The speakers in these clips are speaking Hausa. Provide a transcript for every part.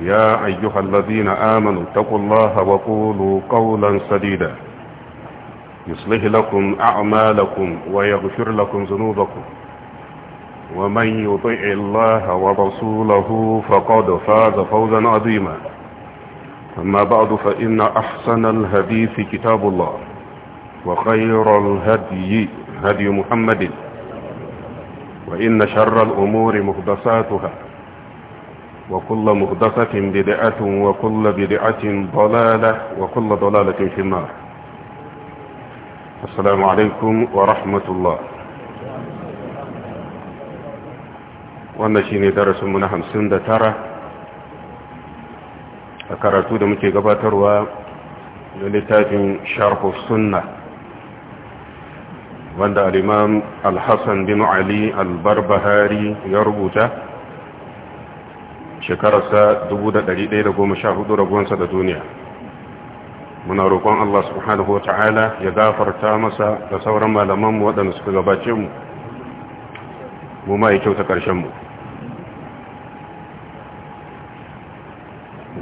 يا أيها الذين آمنوا اتقوا الله وقولوا قولا سديدا يصلح لكم أعمالكم ويغفر لكم ذنوبكم ومن يطع الله ورسوله فقد فاز فوزا عظيما أما بعد فإن أحسن الحديث كتاب الله وخير الهدي هدي محمد وإن شر الأمور مهدساتها وكل مهدفة بدعة وكل بدعة ضلالة وكل ضلالة في النار السلام عليكم ورحمة الله wannan shine darasinmu na hamsin da tara a karatu da muke gabatarwa da littafin sharhu sunna wanda al'imam Alhassan bin ali al-barbahari ya rubuta shekararsa 1114 ragonsa da duniya muna roƙon Allah subhanahu wata'ala ya gafarta masa da sauran malamanmu waɗanda suka gabace mu mu ma ya kyauta ƙarshenmu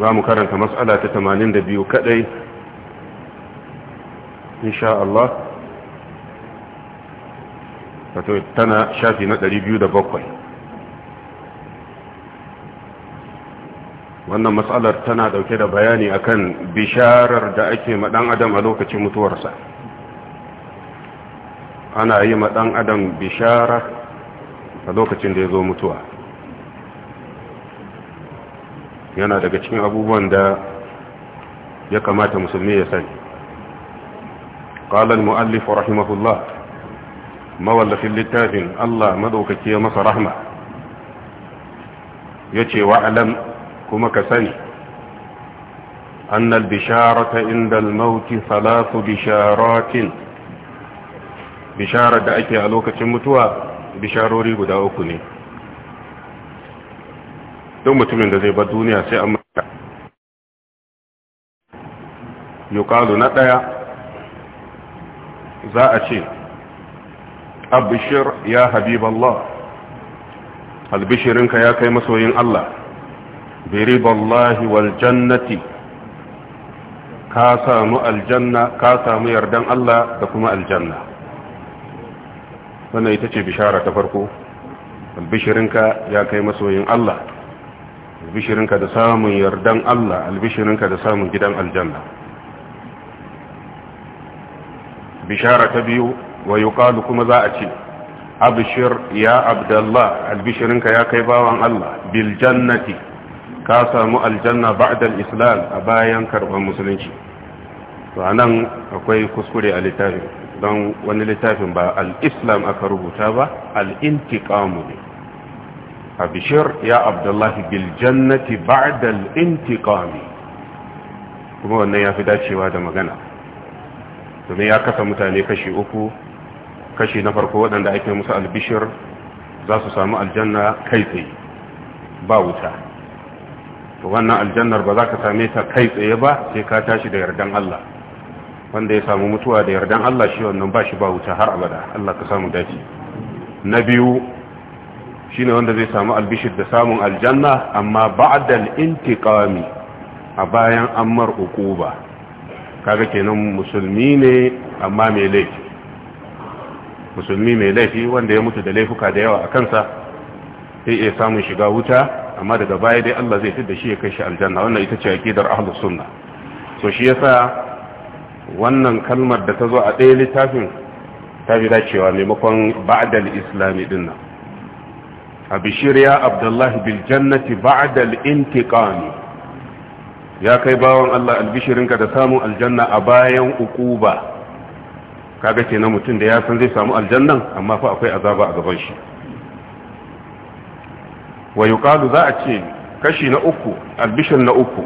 za mu karanta matsala ta 82 kaɗai insha Allah tana shafi na 207 wannan matsalar tana dauke da bayani akan bisharar da ake ma dan adam a lokacin mutuwarsa ana yi ma dan adam bishara a lokacin da ya zo mutuwa yana daga cikin abubuwan da ya kamata musulmi ya sani قال المؤلف rahimahullah mawallafin littafin allah maɗaukaki مدوكك masa مصر ya يتي alam. kuma ka sani annal bisharata indal mauti salatu bisharatin bisharar da ake a lokacin mutuwa bisharori guda uku ne don mutumin da zai bar duniya sai an mata yukalu na ɗaya za a ce abishir ya habib Allah albishirinka ya kai masoyin Allah biriballahi wal jannati ka samu aljanna ka samu yardan Allah da kuma aljanna wannan ita ce bishara ta farko albishirinka ya kai masoyin Allah albishirinka da samun yardan Allah albishirinka da samun gidan aljanna bishara ta biyu wa yuqalu kuma za a ce ya albishirinka ya kai bawan Allah bil jannati ka samu aljanna bada islam a bayan karban musulunci to anan akwai kuskure a littafin don wani littafin ba al-islam aka rubuta ba al-intiqamu ne abishir ya abdullahi bil jannati ba'dal intiqami kuma wannan ya fi dacewa da magana domin ya kasa mutane kashi uku kashi na farko waɗanda ake musu albishir za su samu aljanna kai tsaye ba wuta wannan aljannar ba za ka same ta kai tsaye ba sai ka tashi da yardan Allah wanda ya samu mutuwa da yardan Allah shi wannan ba shi ba wuta har abada Allah ka samu dace na biyu shine wanda zai samu albishir da samun aljanna amma ba'dal intiqami a bayan ammar uquba kaga kenan musulmi ne amma mai laifi musulmi mai laifi wanda ya mutu da laifuka da yawa a kansa sai iya samun shiga wuta amma daga baya dai Allah zai fidda shi ya kai shi aljanna wannan ita ce aqidar ahlus sunna so shi yasa wannan kalmar da ta zo a ɗaya littafin ta fi dacewa maimakon ba'dal islami din nan abishir ya abdullahi bil jannati ba'dal intiqami ya kai bawon Allah ka da samun aljanna a bayan ukuba kaga kenan mutum da ya san zai samu aljannan amma fa akwai azaba a gaban shi wa yuqalu za a ce kashi na uku albishir na uku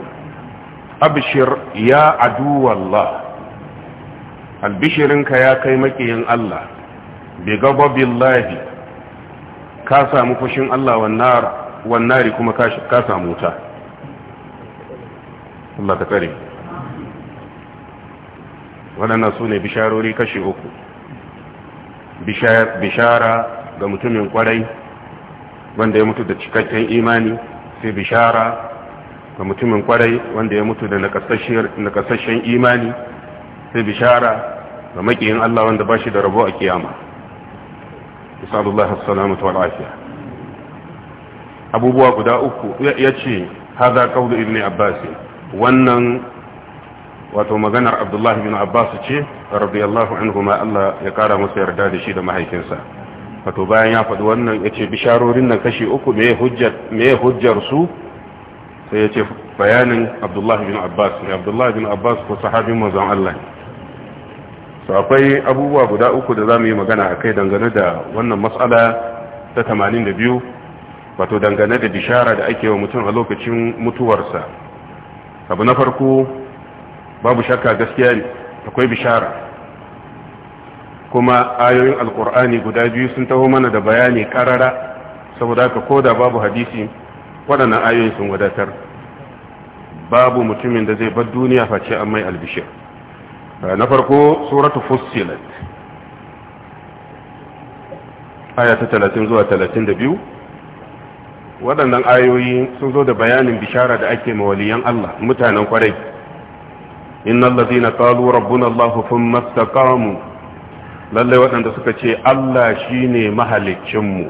Abishir ya aduwallah albishirinka ya kai makiyin Allah bi gababillahi ka samu fushin Allah wannan wannari kuma ka samu ta Allah ka tsare waɗannan su ne bisharori kashi uku bishara ga mutumin kwarai wanda ya mutu da cikakken imani sai bishara ga mutumin kwarai wanda ya mutu da nakasashen imani sai bishara ga makiyin Allah wanda ba shi da rabo a kiyama misalullah assalamatu wal afiya abubuwa guda uku ya ce haza qawlu ibn abbas wannan wato maganar abdullahi bin abbas ce radiyallahu anhu ma Allah ya kara masa yarda da shi da mahaifinsa wato bayan ya faɗi wannan ya ce bisharorin nan kashi uku me hujjar su sai ya ce bayanin abdullahi bin abbas ne abdullahi bin abbas ko sahabin mazan allah su akwai abubuwa guda uku da za mu yi magana a kai dangane da wannan matsala ta 82 wato dangane da bishara da ake wa mutum a lokacin mutuwarsa abu na farko babu shakka gaskiya akwai bishara kuma ayoyin alkur'ani guda biyu sun taho mana da bayani karara saboda haka ko da babu hadisi waɗannan ayoyin sun wadatar babu mutumin da zai bar duniya face an mai albishir eh, na farko suratu fussilat aya ta 30 zuwa 32 waɗannan ayoyi sun zo da bayanin bishara da ake mawaliyan Allah mutanen kwarai innal ladina qalu rabbuna Allahu thumma istaqamu lallai waɗanda suka ce Allah shi ne mahalicinmu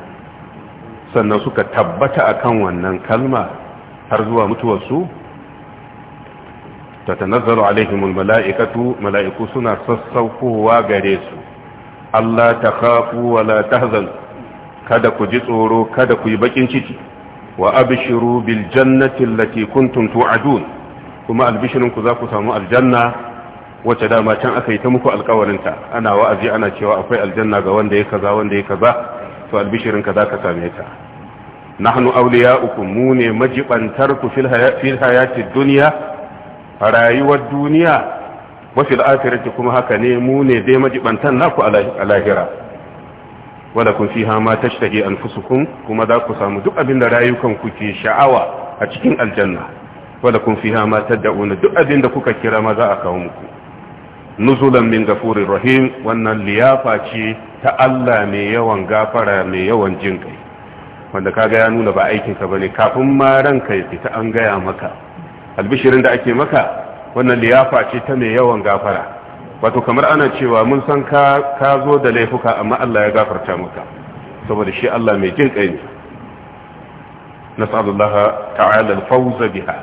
sannan suka tabbata akan wannan kalma har zuwa mutuwarsu ta tanazzaru alaihimul mala'ikatu mala'iku suna sassaukowa gare su Allah ta kafu wa la tahzan kada ku ji tsoro kada ku yi bakin ciki wa abshiru bil jannati allati kuntum tu'adun kuma albishirinku za ku samu aljanna wacce dama can aka yi ta muku alkawarinta ana wa'azi ana cewa akwai aljanna ga wanda ya kaza wanda ya kaza to albishirin ka zaka same ta nahnu awliya'ukum mu ne majibantar ku fil hayati dunya a rayuwar duniya wa fil akhirati kuma haka ne mu ne dai majibantan naku a lahira wala kun fiha ma tashtahi anfusukum kuma za ku samu duk abinda da rayukan ku ke sha'awa a cikin aljanna wala kun fiha ma tad'una duk abinda kuka kira ma za a kawo muku nuzulan min gafurin rahim wannan liyafa ce ta Allah mai yawan gafara mai yawan jin kai wanda kaga ya nuna ba aikinka bane kafin ma ranka ya fita an gaya maka albishirin da ake maka wannan liyafa ce ta mai yawan gafara wato kamar ana cewa mun san ka ka zo da laifuka amma Allah ya gafarta maka saboda shi Allah mai jin kai ne nas'alullaha ta'ala al-fawza biha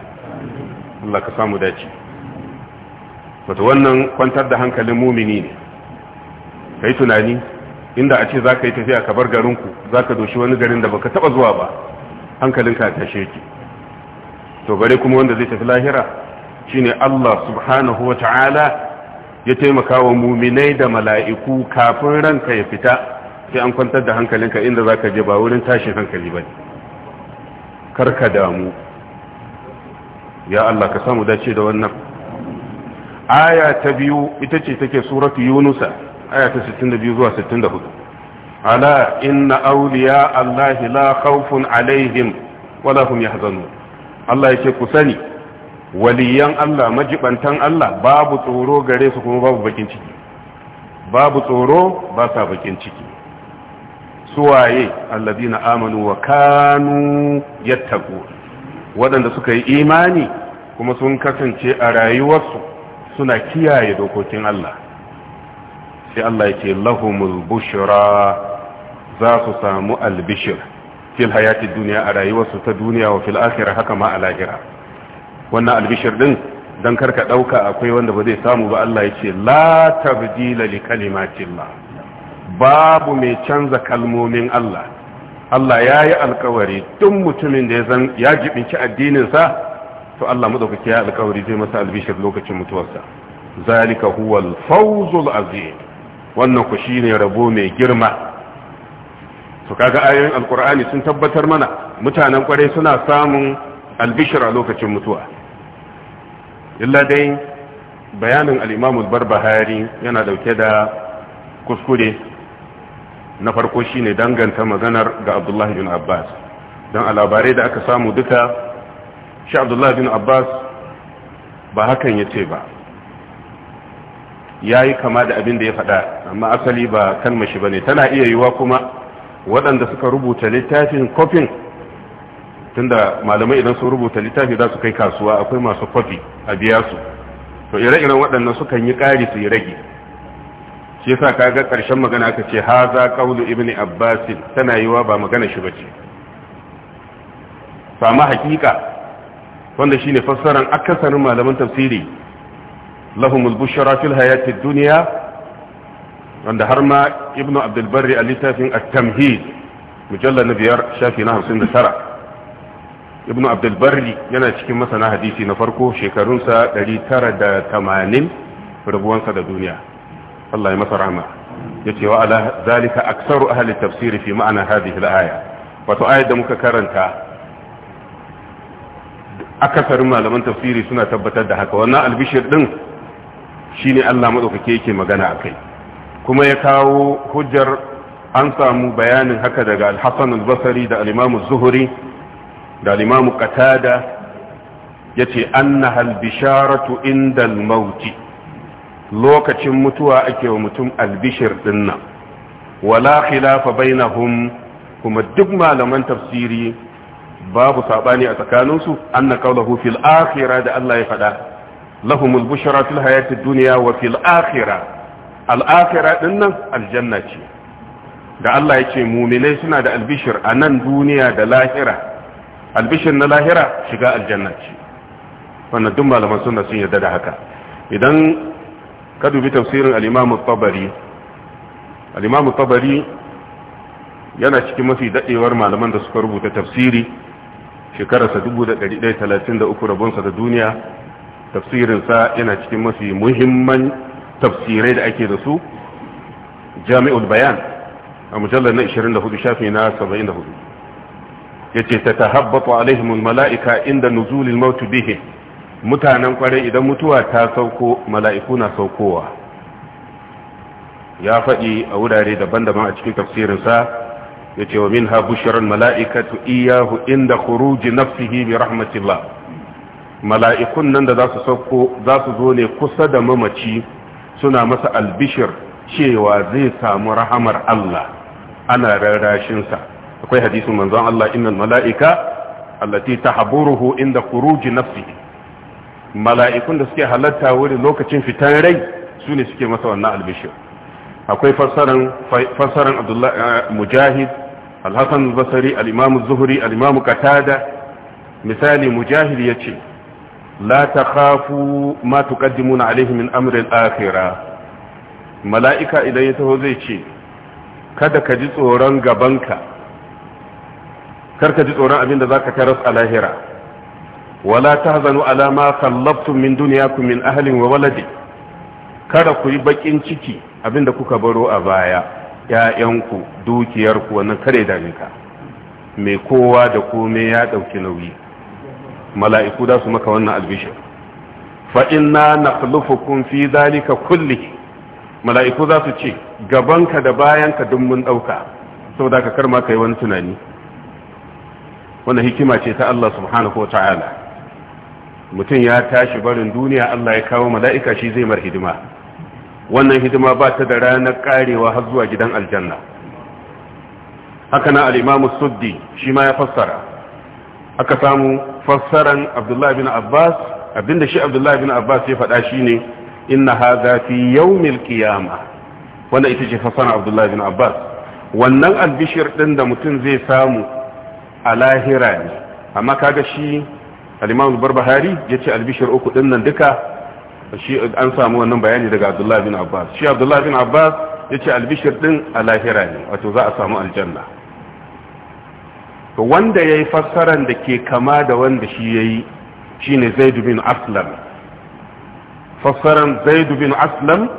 Allah ka samu dace wato wannan kwantar da hankalin mumini ne yi tunani inda a ce za ka yi tafiya ka bar garinku za ka doshi wani garin da baka taba zuwa ba hankalinka ta sheki to bare kuma wanda zai tafi lahira shine Allah subhanahu wa ta'ala ya taimaka wa muminai da mala'iku kafin ranka ya fita sai an kwantar da hankalinka inda za ka je ba wurin tashin hankali ba Kar ka damu ya Allah ka samu dace da wannan aya ta biyu ita ce take suratu yunusa aya ta 62 zuwa 64 ala inna awliya Allah la khawfun alaihim wala hum yahzanun Allah yake ku sani waliyan Allah majibantan Allah babu tsoro gare su kuma babu bakin ciki babu tsoro ba sa bakin ciki suwaye allazina amanu wa kanu yattaqu waɗanda suka yi imani kuma sun kasance a rayuwarsu suna kiyaye dokokin Allah sai Allah ya ce lahumul bushra za su samu albishir fil hayati duniya a rayuwarsu ta duniya wa fil akhirah haka ma a lahira wannan albishir din dan karka dauka akwai wanda ba zai samu ba Allah ya ce la tabdila li kalimatillah babu mai canza kalmomin Allah Allah ya yi alkawari duk mutumin da ya jibinci addininsa to Allah madaukaki ya alƙawari zai masa albishir lokacin mutuwarsa zalika huwal fawzul azim wannan ku shine rabo mai girma to kaga ayoyin alqur'ani sun tabbatar mana mutanen kwarai suna samun albishir lokacin mutuwa illa dai bayanin al-imam al-barbahari yana dauke da kuskure na farko shine danganta maganar ga Abdullahi bin Abbas dan a labarai da aka samu duka shi abdullahi bin abbas ba hakan ya ce ba ya yi kama da abin da ya faɗa amma asali ba kalmar shi ba ne tana iya yiwa kuma waɗanda suka rubuta littafin kofin tunda malamai idan sun rubuta littafi za su kai kasuwa akwai masu kofi a biya su to ire-iren waɗannan sukan yi ƙari su yi rage shi yasa ga ƙarshen magana aka ce ha za ƙaunu ibn abbas tana yiwa ba magana shi ba ce ma hakika wanda shine fassaran akasarin malaman tafsiri lahumul bushra fil duniya dunya wanda har ma ibnu abdul a littafin at-tamhid mujallar na biyar shafi na tara ibnu abdulbarri yana cikin masana hadisi na farko shekarunsa 980 rubuwansa da duniya Allah ya masa rahma yace wa ala zalika aktsaru ahli tafsiri fi ma'ana hadhihi al-aya wato ayat da muka karanta akasarin malaman tafsiri suna tabbatar da haka wannan albishir din shine Allah madaukake yake magana a kai kuma ya kawo hujjar an samu bayanin haka daga al-Hasan al-Basri da al-Imam az-Zuhri da al-Imam Qatada yace annaha al-bisharatu inda al-maut lokacin mutuwa ake wa mutum albishir dinnan wala khilafa bainahum kuma duk malaman tafsiri babu saɓani a tsakaninsu na qawluhu fil akhirah da Allah ya faɗa lahumul bushra fil duniya wa fil akhirah al akhirah aljanna ce da Allah ya ce muminai suna da albishir a nan duniya da lahira albishir na lahira shiga aljanna ce wannan duk malaman suna sun yarda da haka idan ka dubi tafsirin al-Imam tabari al tabari yana cikin mafi dadewar malaman da suka rubuta tafsiri shekararsa 1133 rabonsa da duniya tafsirinsa yana cikin mafi muhimman tafsirai da ake da su jami'ul bayan a mujallar na 24 shafi na 74 ya ce ta tahabbatu alaihimul mala'ika inda nuzulil mautu bihin mutanen kwarai idan mutuwa ta sauko mala'iku na saukowa ya faɗi a wurare daban-daban a cikin tafsirinsa yace wa minha bushran mala'ikatu iyahu inda kuruji nafsihi bi rahmatillah mala'ikun nan da za sauko zasu zo ne kusa da mamaci suna masa albishir cewa zai samu rahamar Allah ana rarrashin akwai hadisin manzon Allah innal mala'ika allati tahburuhu inda kuruji nafsihi mala'ikun da suke halatta wuri lokacin fitan rai su ne suke masa wannan albishir akwai fassaran abdullahi eh, mujahid Alhasan basari al'imamu zuhuri al'imamu katada misali mujahid ya ce la ta kafu ma tuqaddimuna alaihi min amrin akhira mala'ika idan ya taho zai ce kada ka ji tsoron gabanka kar ka ji tsoron abin da zaka taras a lahira wala tahzanu ala ma khallabtum min dunyakum min ahlin wa waladi kada ku yi bakin ciki abin da kuka baro a baya ‘ya'yanku dukiyarku wannan kare daminka mai kowa da kome ya ɗauki nauyi mala'iku da su maka wannan albishir Fa na na fi zalika kulli mala'iku za su ce gabanka da bayanka duk mun ɗauka saboda ka karma ka yi wani tunani wannan hikima ce ta Allah subhanahu wa ta'ala mutum ya tashi barin duniya Allah ya kawo mala'ika shi zai mar hidima wannan hidima ba ta da ranar karewa har zuwa gidan aljanna haka na al'imamu suddi shi ma ya fassara aka samu fassaran abdullahi bin abbas abinda shi abdullahi bin abbas ya faɗa shi ne inna haza fi yau milkiyama. wanda ita ce fassaran abdullahi bin abbas wannan albishir ɗin da mutum zai samu a lahira ne amma kaga shi al-imam ya yace albishir uku ɗin nan duka shi an samu wannan bayani daga abdullahi bin abbas shi abdullahi bin abbas ya ce albishir din a lahira ne wato za a samu aljanna wanda ya yi fassaran da ke kama da wanda shi ya yi shi ne zaidu bin aslam fassaran zaidu bin aslam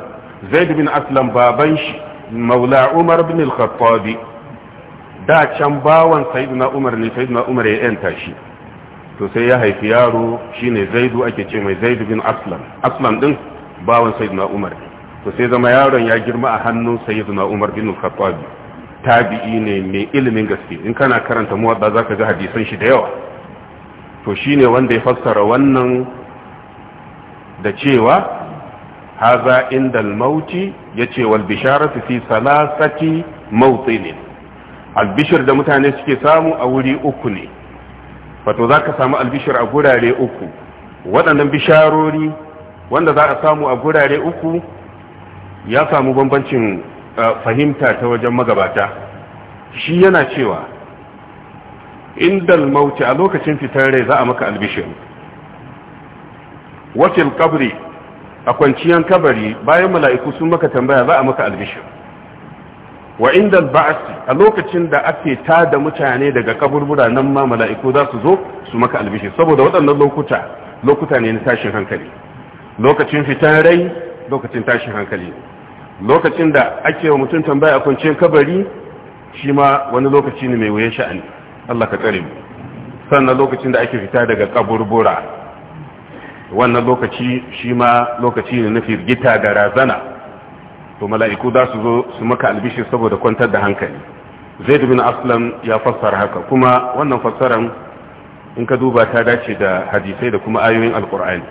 zaidu bin aslam baban shi maula umar bin al-khattabi da can bawan sayyidina umar ne sayyidina umar ya yanta shi to sai ya haifi yaro shine zaidu ake ce mai zaidu bin aslam aslam din bawan na umar to sai zama yaron ya girma a hannun na umar bin khattab tabi'i ne mai ilimin gaske in kana karanta muwadda zaka ga hadisan shi da yawa to shine wanda ya fassara wannan da cewa haza inda mauti yace wal bisharatu fi salasati ne. albishir da mutane suke samu a wuri uku ne wato za ka samu albishir a gurare uku waɗannan bisharori wanda za a samu a gurare uku ya samu bambancin eh, fahimta ta wajen magabata shi yana cewa indal mauti a lokacin fitar rai za a maka albishir wakil kabri a kwanciyar kabari bayan mala'iku sun maka tambaya za a maka albishir wa inda ba'asi a lokacin da ake tada mutane daga kaburbura nan ma mala'iku za su zo su maka albishi saboda waɗannan lokuta lokuta ne na tashin hankali lokacin fitan rai lokacin tashin hankali lokacin da ake wa mutum tambaya a kwanciyar kabari shi ma wani lokaci ne mai wuyan sha'ani Allah ka tsare mu sannan lokacin da ake fita daga kaburbura wannan lokaci shi ma lokaci ne na firgita da razana to mala'iku za su zo su maka albishir saboda kwantar da hankali zaid bin aslam ya fassara haka kuma wannan fassaran in ka duba ta dace da hadisai da kuma ayoyin alkur'ani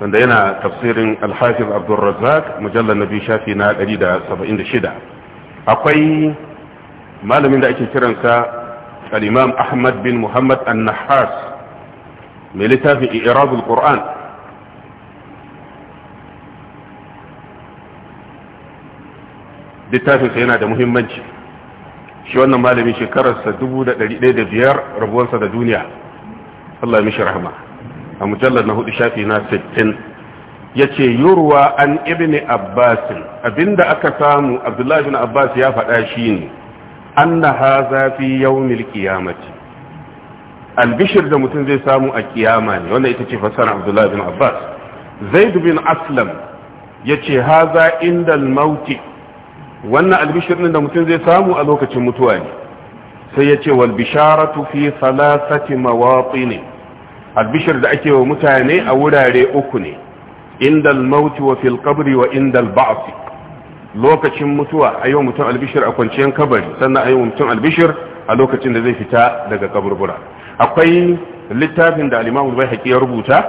wanda yana tafsirin alhafiz abdulrazzaq mujallar nabi shafi na 176 akwai malamin da ake kiransa al-imam ahmad bin muhammad an-nahas mai littafin i'rabul qur'an littafinsa yana da muhimmanci shi wannan malami shekararsa 1105 rabuwarsa da duniya Allah ya mishi rahama a mujallar na hudu shafi na 60 ya ce yurwa an ibni abbasin abinda aka samu abdullahi bin abbas ya faɗa shi ne an na haza fi yawmil kiyamati albishir da mutum zai samu a kiyama ne wannan ita ce fasara abdullahi bin abbas zaid bin aslam ya ce haza inda mauti wannan albishir da mutum zai samu a lokacin mutuwa ne sai ya ce wal bisharatu fi salasati ne albishir da ake wa mutane a wurare uku ne inda al-maut wa fil wa inda al-ba'th lokacin mutuwa ayo mutum albishir a kwanciyar kabari sannan ayo mutum albishir a lokacin da zai fita daga kaburbura akwai littafin da al-imam al ya rubuta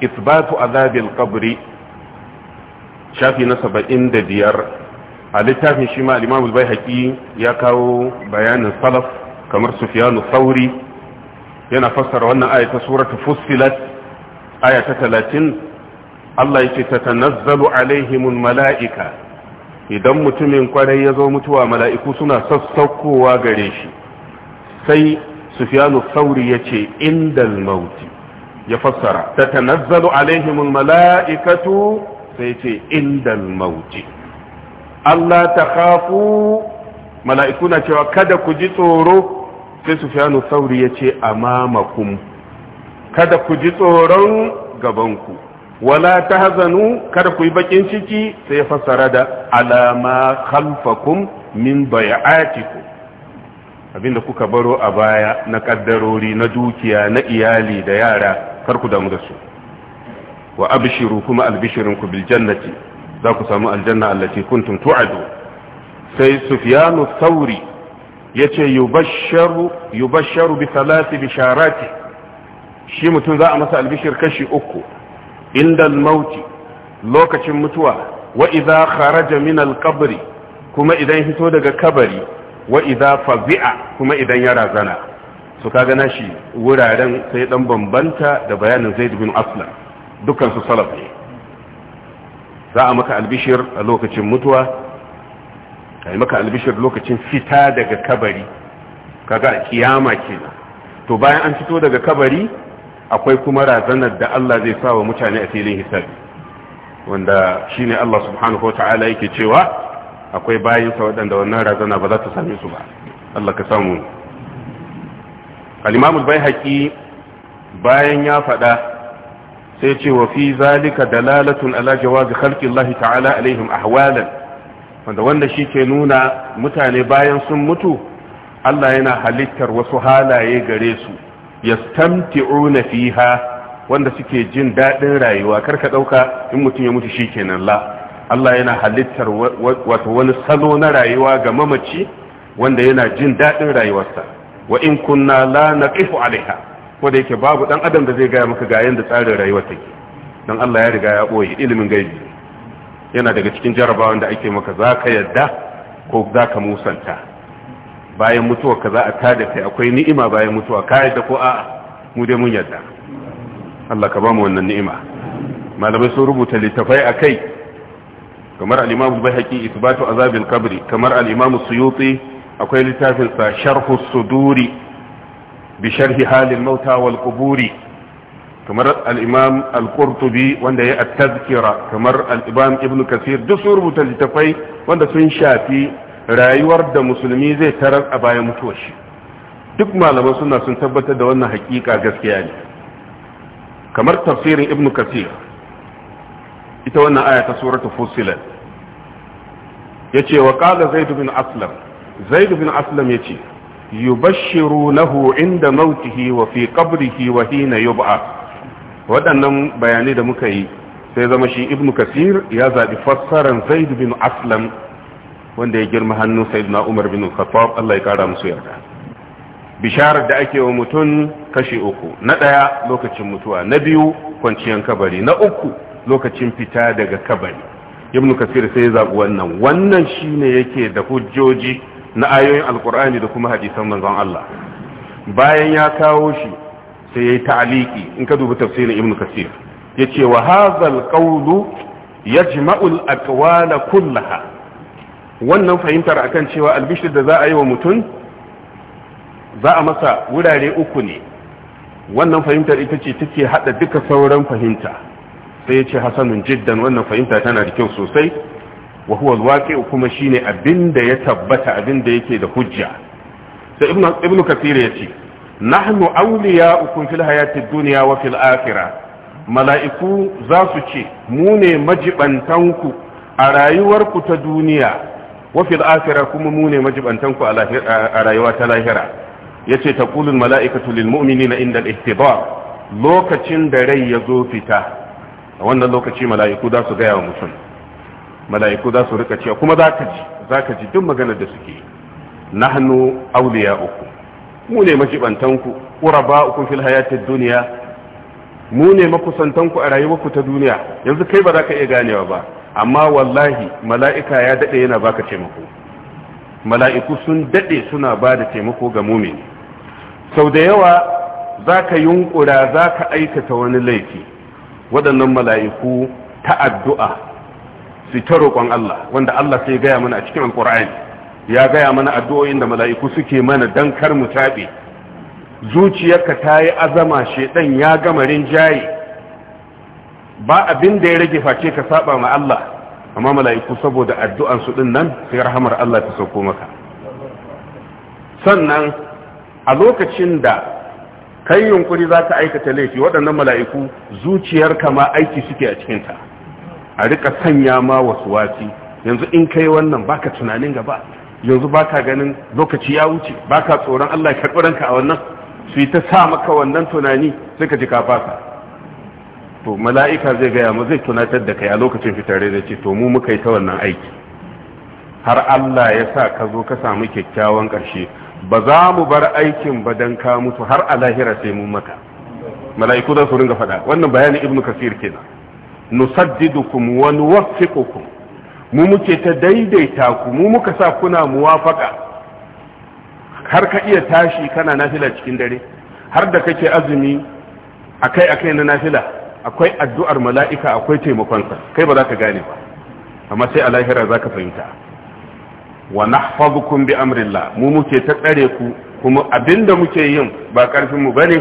isbatu azabil qabri shafi na 75 a littafin shi ma al-imamul ya kawo bayanin salaf kamar sufyanu sauri yana fassara wannan aya ta suratu fussilat aya ta 30 Allah yake tatanazzalu alaihimul malaika idan mutumin kwarai ya zo mutuwa mala'iku suna sassaukowa gare shi sai sufyanu sauri ce indal mauti ya fassara ta tanazzalu alaihimul malaikatu sai ce indal mauti Allah ta kafu mala'iku na cewa kada ku ji tsoro sai su fiyanu sauri ya ce amamakum kada ku ji tsoron gabanku wala ta hazanu kada ku yi bakin ciki sai ya fassara da alama khalfakum min bayatikum abinda kuka baro a baya na kaddarori na dukiya na iyali da yara kar ku damu da su wa abshiru kuma albishirinku bil jannati za ku samu aljanna allati kuntum tu'adu sai sufyanu thawri yace yubashsharu yubashsharu bi thalathi bisharati shi mutum za a masa albishir kashi uku inda mauti lokacin mutuwa wa idza kharaja min al kuma idan hito daga kabari wa idza fazi'a kuma idan ya razana su kaga nashi wuraren sai dan bambanta da bayanin Zaid bin Aslam dukansu su salaf ne za a maka albishir a lokacin mutuwa a yi maka albishir lokacin fita daga kabari kaga a kiyama ke to bayan an fito daga kabari akwai kuma razanar da Allah zai sa wa mutane a filin hisabi wanda shi ne Allah subhanahu ta'ala yake cewa akwai bayinsa waɗanda wannan razana ba za ta same su ba Allah ka samu al-Imam al bayan ya faɗa sai ce wa fi zalika dalalatun ala jawazi khalqi Allah ta'ala alaihim ahwalan wanda wanda shi ke nuna mutane bayan sun mutu Allah yana halittar wasu halaye gare su yastamti'una fiha wanda suke jin daɗin rayuwa karka ɗauka in mutum ya mutu shikenan la Allah yana halittar wato wani salo na rayuwa ga mamaci wanda yana jin daɗin rayuwarsa wa in kunna la naqifu alaiha ko da yake babu dan adam da zai gaya maka ga yanda tsarin rayuwa take dan Allah ya riga ya boye ilimin gaibi yana daga cikin jarabawan da ake maka zaka yadda ko zaka musanta bayan mutuwa ka za a tada kai akwai ni'ima bayan mutuwa ka yadda ko a'a mu dai mun yadda Allah ka ba mu wannan ni'ima malamai sun rubuta littafai akai kamar al-Imam baihaqi isbatu azabil qabri kamar al-Imam suyuti akwai littafin sa sharh suduri bi sharhi halin mauta wal quburi kamar al-imam al-qurtubi wanda ya at-tazkira kamar al ibn kasir duk su rubuta littafai wanda sun shafi rayuwar da musulmi zai tarar a bayan mutuwar shi duk malaman suna sun tabbatar da wannan hakika gaskiya ne kamar tafsirin ibn kasir ita wannan aya ta suratul fusilat yace wa qala zaid bin aslam zaid bin aslam yace yubashshirunahu inda mautihi wa fi qabrihi wa hina yub'a waɗannan bayanai da muka yi sai zama shi ibnu kasir ya zaɓi fassaran zaid bin aslam wanda ya girma hannu sayyidina umar bin khattab Allah ya kara musu yarda bisharar da ake wa mutum kashi uku na ɗaya lokacin mutuwa na biyu kwanciyan kabari na uku lokacin fita daga kabari ibnu kasir sai ya zabi wannan wannan shine yake da hujjoji na ayoyin alkur'ani da kuma hadisan manzon Allah bayan ya kawo shi sai yayi ta'aliki in ka dubi tafsirin ibnu kasir yace wa hadhal qawlu yajma'u al kullaha wannan fahimtar akan cewa albishir da za a yi wa mutum za a masa wurare uku ne wannan fahimtar ita ce take hada duka sauran fahimta sai ya ce hasanun jiddan wannan fahimta tana da kyau sosai wa huwa alwaqi'u kuma shine abinda ya tabbata abinda yake da hujja sai ibnu ibnu kathir yace nahnu awliya'ukum ya hayati dunya wa fil akhirah mala'iku za su ce mu majibantanku a rayuwarku ta duniya wa fil kuma mu majibantanku a rayuwa ta lahira yace taqulul mala'ikatu lil mu'minina inda al-ihtidar lokacin da rai ya zo fita a wannan lokaci mala'iku za su gaya wa mutum mala'iku za su rika cewa kuma za ka ji za ka ji duk maganar da suke nahnu awliya uku mu ne majibantanku quraba uku fil hayatid dunya mu ne makusantanku a rayuwarku ta duniya yanzu kai ba za ka iya ganewa ba amma wallahi mala'ika ya daɗe yana baka taimako mala'iku sun daɗe suna ba da taimako ga mumini sau da yawa za ka yunkura za ka aikata wani laifi waɗannan mala'iku ta addu'a su ta roƙon Allah wanda Allah sai gaya mana a cikin alƙur'ani ya gaya mana addu'o'in da mala'iku suke mana dan kar mu tabe zuciyarka ta yi azama shedan ya gama rinjaye ba abin da ya rage face ka saba ma Allah amma mala'iku saboda addu'an su din nan sai rahamar Allah ta sauko maka sannan a lokacin da kai yunkuri za ka aikata laifi waɗannan mala'iku zuciyarka ma aiki suke a cikinta a rika sanya ma wasu wasi yanzu in kai wannan baka tunanin gaba yanzu baka ganin lokaci ya wuce baka tsoron Allah ya karɓi ranka a wannan su yi ta sa maka wannan tunani sai ka ji ka fasa to mala'ika zai gaya mu zai tunatar da kai a lokacin fitar da ce to mu muka yi ta wannan aiki har Allah ya sa ka zo ka samu kyakkyawan ƙarshe ba za mu bar aikin ba dan ka mutu har a lahira sai mu maka mala'iku za su ringa faɗa wannan bayanin ibnu kasir kenan nusaddidukum wa nuwaffiqukum mu muke ta daidaita ku mu muka sa kuna muwafaka har ka iya tashi kana nafila cikin dare har da kake azumi akai akai na nafila akwai addu'ar mala'ika akwai taimakon sa kai ba za ka gane ba amma sai a lahira za ka fahimta wa nahfazukum bi amrillah mu muke ta tsare ku kuma abinda muke yin ba karfin mu bane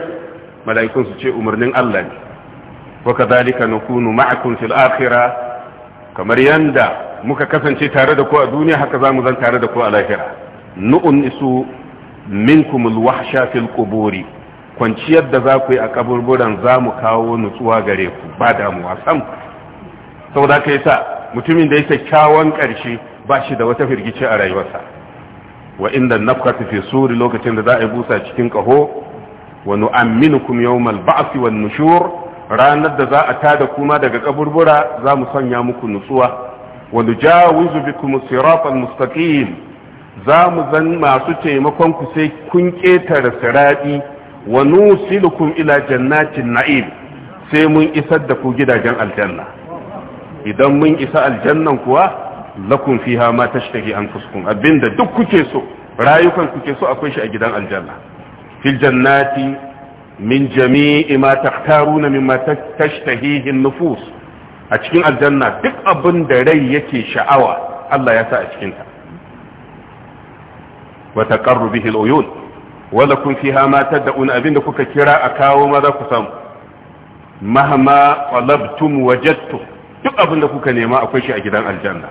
mala'ikun su ce umarnin Allah ne وكذلك نكون معكم في الآخرة kamar yanda muka kasance tare da ku a duniya haka za mu zan tare da ku a lahira nu'un isu minkumul wahsha fil kuburi kwanciyar da za ku yi a kaburburan za mu kawo nutsuwa gare ku ba damuwa sam saboda kai sa mutumin da yake kyawun ƙarshe ba shi da wata firgici a rayuwarsa wa inda nafkatu fi suri lokacin da za a yi busa cikin kaho wa nu'amminukum yawmal ba'thi wan nushur ranar da za a tada kuma daga kaburbura za mu sanya muku nutsuwa wa nujawizu bikum siratan mustaqim za mu zan masu taimakon ku sai kun ketare sirati wa nusilukum ila jannatin na'im sai mun isar da ku gidajen aljanna idan mun isa aljannan kuwa lakum fiha ma tashtahi anfusukum abinda duk kuke so rayukan kuke so akwai shi a gidan aljanna fil jannati min jami'i ma takhtaruna mimma tashtahihi nufus a cikin aljanna duk abin da rai yake sha'awa Allah ya sa a cikin ta wa taqarru bihi al-uyun wa lakum fiha ma tad'un abinda kuka kira a kawo ma za ku samu mahama talabtum wajadtum duk abin da kuka nema akwai shi a gidan aljanna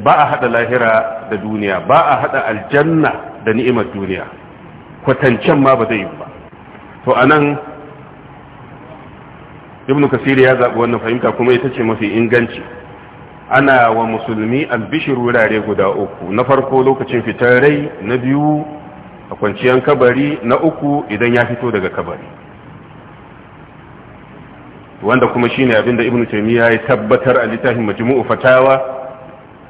ba a hada lahira da duniya ba a hada aljanna da ni'imar duniya kwatancen ma ba zai yi ba to a nan Ibn kasir ya zaɓi wannan fahimta kuma ita ce mafi inganci ana wa musulmi albishir wurare guda uku na farko lokacin fitar rai na biyu a kwanciyar kabari na uku idan ya fito daga kabari wanda kuma shi shine abinda Ibn taimi ya yi tabbatar a littafin majmu'u fatawa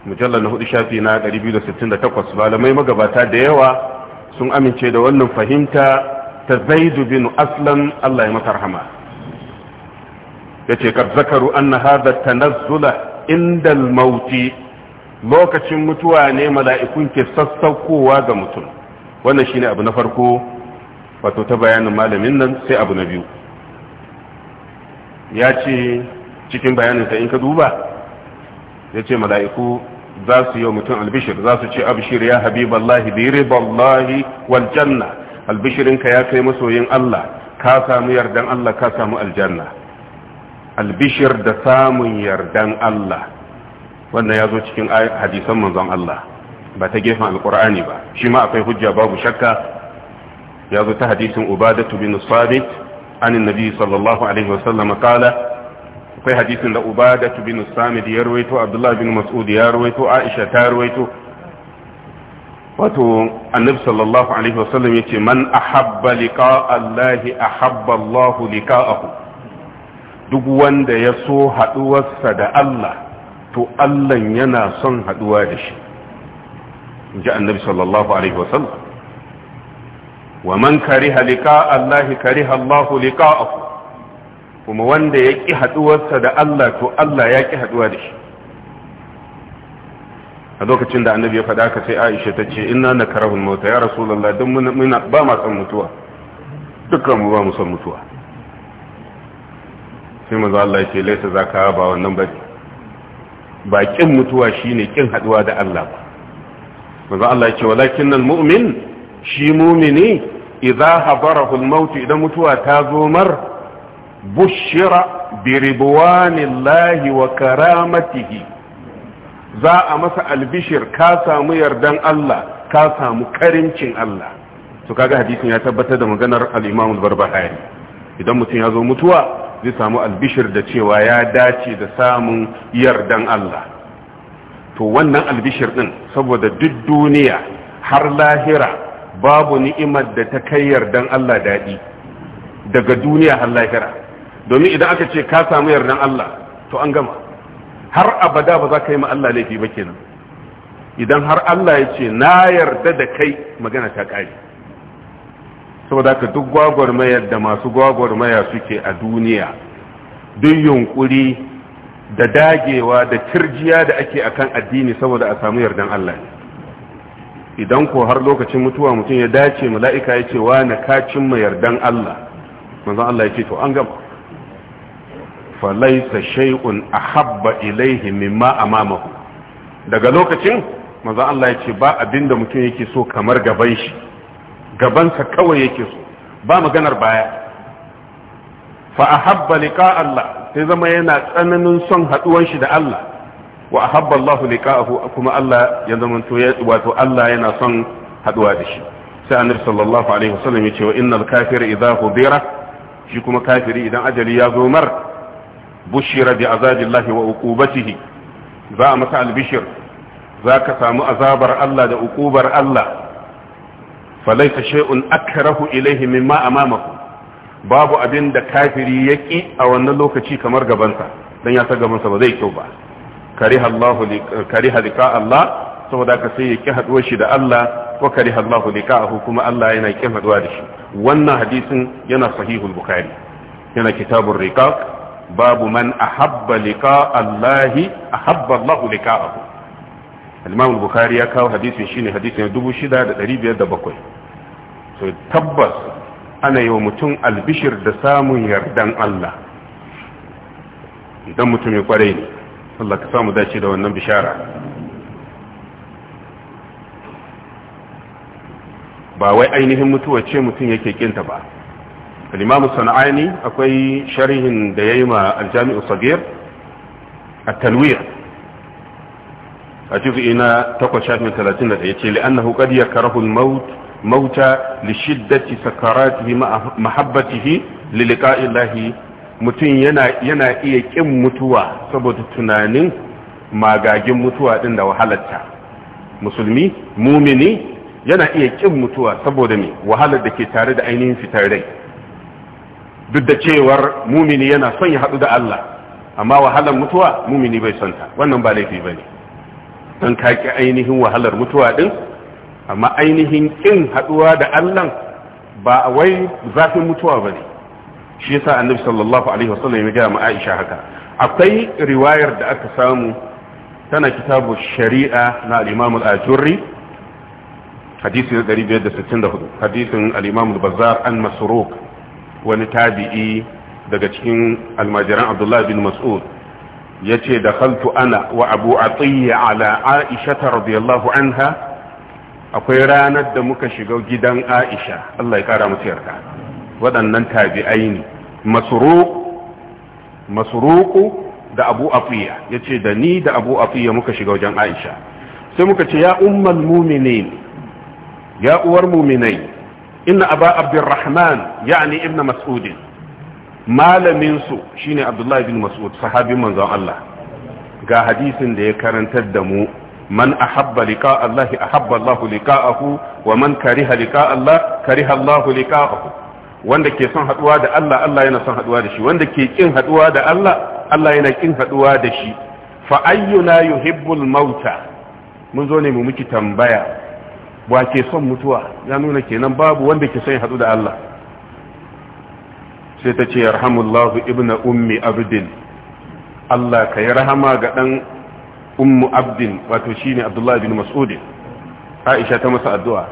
mujallar na hudu shafi na 268 malamai magabata da yawa sun amince da wannan fahimta ta zaidu bin aslan Allah ya masa rahama ya ce kad zakaru anna hadha tanazzula inda mauti lokacin mutuwa ne mala'ikun ke sassaukowa ga mutum wannan shine abu na farko wato ta bayanin malamin nan sai abu na biyu ya ce cikin bayaninsa in ka duba ya ce mala'iku za su yi wa mutum albishir za su ce abishir ya habiballahi bi wal janna albishirinka ya kai masoyin Allah ka samu yardan Allah ka samu aljanna albishir da samun yardan Allah wannan ya zo cikin hadisan manzon Allah ba ta gefen alkur'ani ba shi ma akwai hujja babu shakka ya zo ta hadisin ubadatu bin sabit an nabi sallallahu alaihi wasallam kala akwai hadisin da ubadatu bin samit ya rawaito abdullahi bin mas'ud ya rawaito aisha ta rawaito wato annabi sallallahu alaihi wasallam yace man ahabba liqa allahi ahabba allah liqa'ahu duk wanda ya so haduwarsa da Allah to Allah yana son haduwa da shi inji annabi sallallahu alaihi wasallam wa man kariha liqa allahi kariha allah liqa'ahu kuma wanda ya ki haduwarsa da Allah to Allah ya ki haduwa da shi a lokacin da annabi ya faɗa ka sai aisha ta ce inna na karahun mota ya rasulallah don muna ba ma son mutuwa dukkan mu ba mu son mutuwa sai maza Allah ya ce laisa za ka ba wannan bane ba kin mutuwa shine kin haɗuwa da Allah ba maza Allah ya ce walakin nan mu'min shi mumini idza habarahu al-maut idan mutuwa ta zo mar bushira bi ribwanillahi wa karamatihi za a masa albishir ka samu yardan Allah ka samu karincin Allah to kaga hadisin ya tabbatar da maganar al-Imam al-Barbahari idan mutum ya zo mutuwa zai samu albishir da cewa ya dace da samun yardan Allah to wannan albishir din saboda duk duniya har lahira babu ni'imar da ta kai yardan Allah dadi daga duniya har lahira domin idan aka ce ka samu yardan Allah to an gama har abada ba za ka yi ma Allah laifi ba kenan idan har Allah ya ce na yarda da kai magana ta kare saboda ka duk gwagwarmayar da masu gwagwarmaya suke a duniya duk yunkuri da dagewa da kirjiya da ake akan addini saboda a samu yardan Allah idan ko har lokacin mutuwa mutum ya dace mala'ika ya ce wa na kacin mu yardan Allah manzon Allah ya ce to an gama falaisa shay'un ahabba ilaihi mimma amamahu daga lokacin manzo Allah ya ce ba abinda mutum yake so kamar gaban shi gabansa kawai yake so ba maganar baya fa ahabba liqa Allah sai zama yana tsananin son haduwan shi da Allah wa ahabba Allah liqa'ahu kuma Allah ya zama to wato Allah yana son haduwa da shi sai annabi sallallahu alaihi wasallam ya ce wa innal kafira idza hudira shi kuma kafiri idan ajali ya zo mar bushira bi azabillahi wa uqubatihi za a masa albishir za ka samu azabar Allah da uqubar Allah falaita shay'un akrahu ilayhi mimma amamahu babu abinda da kafiri yaki a wannan lokaci kamar gabansa dan ya gabansa ba zai kyau ba kariha Allah kariha liqa Allah saboda ka sai ya ki haduwar shi da Allah wa kariha Allah liqa'ahu kuma Allah yana ki haɗuwa da shi wannan hadisin yana sahihul bukhari yana kitabun riqaq babu man ahabba liqa Allahi ahabba Allahu liqa'ahu imam al-Bukhari ya kawo hadisin shine hadisin 6507 so tabbas ana yi wa mutum albishir da samun yardan Allah idan mutum ya kware ne Allah ka samu dace da wannan bishara ba wai ainihin mutuwa ce mutum yake kinta ba الإمام الصنعاني sana'ani akwai sharhin da الصغير ma al إنا تقوى شاهد tanwir ثلاثين لديتي لأنه قد يكره الموت qad لشدة سكراته maut mauta li shiddati mutum yana yana iya ƙin mutuwa saboda tunanin magagin mutuwa ɗin da wahalarta musulmi mumini yana iya ƙin mutuwa saboda me wahalar da ke tare da ainihin fitar rai duk da cewar mumini yana son ya haɗu da Allah amma wahalar mutuwa mumini bai son ta wannan ba laifi ba ne don kaki ainihin wahalar mutuwa ɗin amma ainihin ƙin haɗuwa da Allah ba wai zafin mutuwa ba ne shi yasa annabi sallallahu alaihi wasallam ya gaya ma Aisha haka akwai riwayar da aka samu tana kitabu shari'a na al-Imam al-Ajurri hadisi 564 hadisin al-Imam al-Bazzar an-Masruq wani tabi'i daga cikin almajiran abdullahi bin mas'ud ya ce da kaltu ana wa abu atiyya ala aisha ta radiyallahu anha akwai ranar da muka shiga gidan aisha Allah ya kara musu yarda waɗannan tabi'ai ne masruku da abu atiyya ya ce da ni da abu atiyya muka shiga wajen aisha sai muka ce ya ummal muminin ya uwar muminai inna aba abdurrahman yani ibn mas'ud malamin su shine abdullahi bin mas'ud sahabin manzon Allah ga hadisin da ya karantar da mu man ahabba liqa Allah ahabba Allah liqa'ahu wa man kariha liqa Allah kariha Allah liqa'ahu wanda ke son haduwa da Allah Allah yana son haduwa da shi wanda ke kin haduwa da Allah Allah yana kin haduwa da shi fa ayyuna yuhibbul mauta mun zo ne mu miki tambaya wa ke son mutuwa ya nuna kenan babu wanda ke son haɗu da Allah sai ta ce yarhamullahu ibn ummi abdin Allah ka yi rahama ga ɗan ummu abdin wato shine abdullahi bin mas'udin aisha ta masa addu'a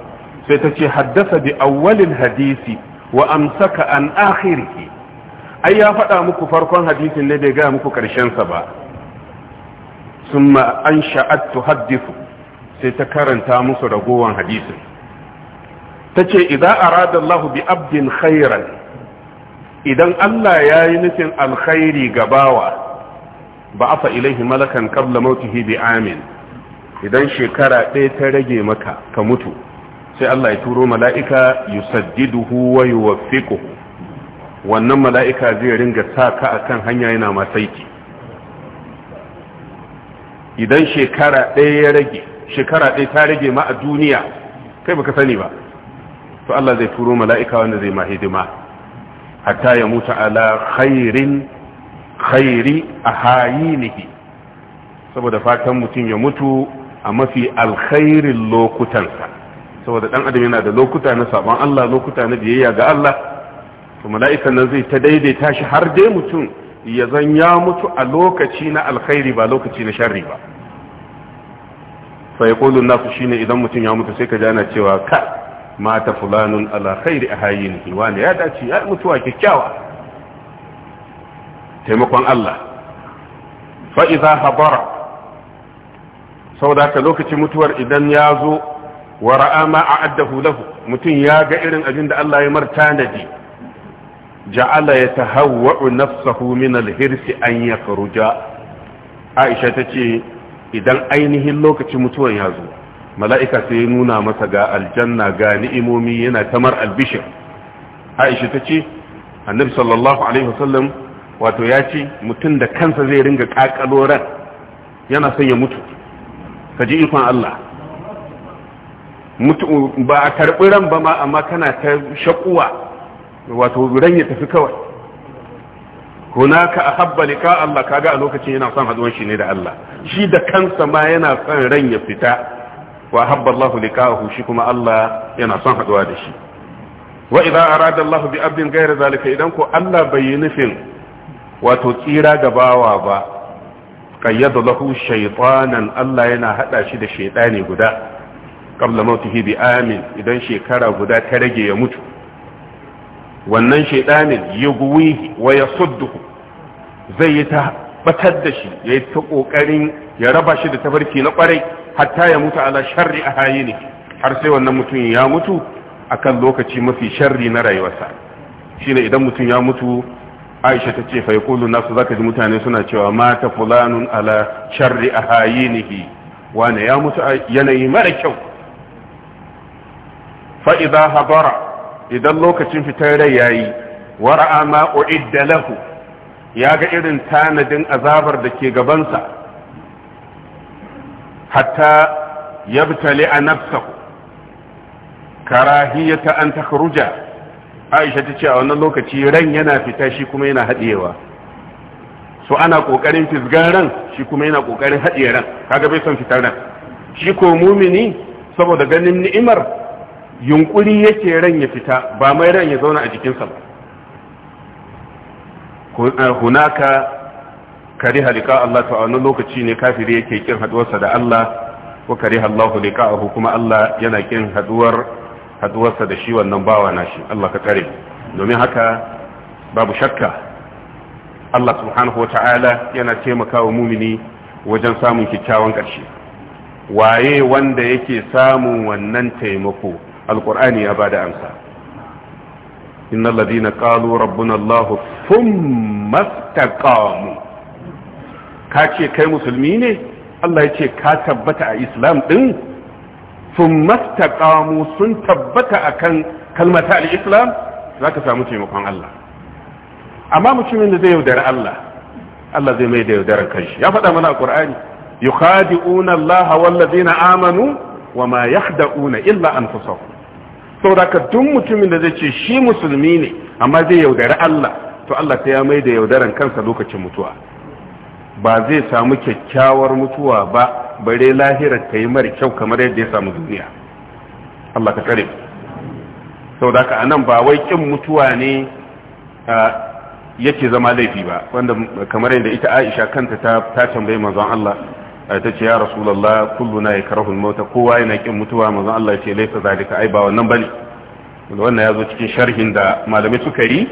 sai ta ce haddasa bi awwalin hadisi wa amsaka an akhirki ai ya faɗa muku farkon hadisin ne bai gaya muku sa ba summa an sha'at tuhaddisu sai ta karanta musu ragowan hadisin ta ce idan arada Allah bi abdin khairan idan Allah ya yi nufin alkhairi ga bawa ba afa ilaihi malakan qabla mautihi bi amin idan shekara ɗaya ta rage maka ka mutu sai Allah ya turo mala'ika yusaddiduhu wa yuwaffiquhu wannan mala'ika zai ringa sa ka akan hanya yana masaiki idan shekara ɗaya ya rage shekara ɗaya ta rage ma a duniya kai baka sani ba to Allah zai turo mala'ika wanda zai ma hidima hatta ya mutu ala khairin khairi ahayinihi saboda fatan mutum ya mutu a mafi alkhairin lokutansa saboda ɗan adam yana da lokuta na sabon Allah lokuta na biyayya ga Allah to mala'ikan nan zai ta daidaita shi har dai mutum ya zan ya mutu a lokaci na alkhairi ba lokaci na sharri ba fa yaqulu nasu shine idan mutum ya mutu sai ka jana cewa ka mata fulanun ala khairi ahayinihi wani ya dace ya mutuwa kyakkyawa taimakon Allah Fa'iza idza sau da haka lokacin mutuwar idan ya zo wa ra'ama ma a'addahu lahu mutum ya ga irin abin da Allah ya marta ji. ja'ala ya nafsahu min al-hirsi an yakhruja Aisha tace idan ainihin lokacin mutuwan ya zo mala'ika sai ya nuna masa ga aljanna ga ni'imomi yana tamar albishir aisha ta ce annabi sallallahu alaihi wasallam wato ya ce mutum da kansa zai ringa ƙaƙaloran, yana son ya mutu ka ji ikon Allah ba a karɓi ran ba ma amma kana ta shakuwa wato ran ya tafi kawai hunaka habba lika Allah kaga a lokacin yana son haduwan shi ne da Allah shi da kansa ma yana son ran ya fita wa habba Allah likahu shi kuma Allah yana son haduwa da shi wa idza arada Allah bi abdin ghayra zalika idan ko Allah bai yi nufin wato tsira ga bawa ba qayyada lahu shaytanan Allah yana hada shi da shaytani guda qabla mautihi bi amin idan shekara guda ta rage ya mutu wannan shaidanin ya guwihi wa ya sudduhu zai yi ta batar da shi ya yi ta ƙoƙarin ya raba shi da tafarki na ƙwarai hatta ya mutu ala sharri a hayini har sai wannan mutum ya mutu akan lokaci mafi sharri na rayuwarsa shine idan mutum ya mutu aisha ta ce fa yaqulu nasu zaka ji mutane suna cewa mata fulanun ala sharri a hayinihi wane ya mutu yanayi mara kyau fa idza idan lokacin fitar rai yi, wara'a ma uidda lahu ya ga irin tanadin azabar da ke gabansa hatta yabtali a nafsahu karahiyata an takhruja Aisha ta ce a wannan lokaci ran yana fita shi kuma yana hadiyewa so ana kokarin fisgan ran shi kuma yana kokarin hadiye ran kaga bai son fitar ran shi ko mumini saboda ganin ni'imar yunkuri yake ran ya fita ba mai ran ya zauna a jikinsa ba hunaka kariha halika Allah ta wani lokaci ne kafiri yake kin haduwarsa da Allah ko kariha Allah liqa'ahu kuma Allah yana kin haduwar haduwarsa da shi wannan bawa nashi Allah ka kare domin haka babu shakka Allah subhanahu wata'ala yana taimakawa mumini wajen samun kyakkyawan ƙarshe waye wanda yake samun wannan taimako alkur'ani ya bada amsa Inna ladina qalu rabbuna allah thumma istaqamu ka ce kai musulmi ne Allah ya ce ka tabbata a islam din thumma istaqamu sun tabbata akan kalmata al-islam zaka samu taimakon Allah amma mutumin da zai yaudara Allah Allah zai mai da yaudaran kanshi ya faɗa mana a Qur'ani yukhadi'una amanu wa ma da'una illa an saboda ka duk mutumin da zai ce shi musulmi ne amma zai yaudari Allah to Allah ta ya mai da yaudaran kansa lokacin mutuwa ba zai samu kyakkyawar mutuwa ba bare lahirar ta yi mara kyau kamar yadda ya samu duniya Allah ka kare Sa'udaka a anan ba wai kin mutuwa ne yake zama laifi ba wanda kamar yadda ita Aisha kanta ta tambayi manzon Allah ta ce ya rasulullah kulluna yakrahu karahun mota kowa yana kin mutuwa manzon Allah ya ce laisa zalika ai ba wannan bane wannan zo cikin sharhin da malamai suka yi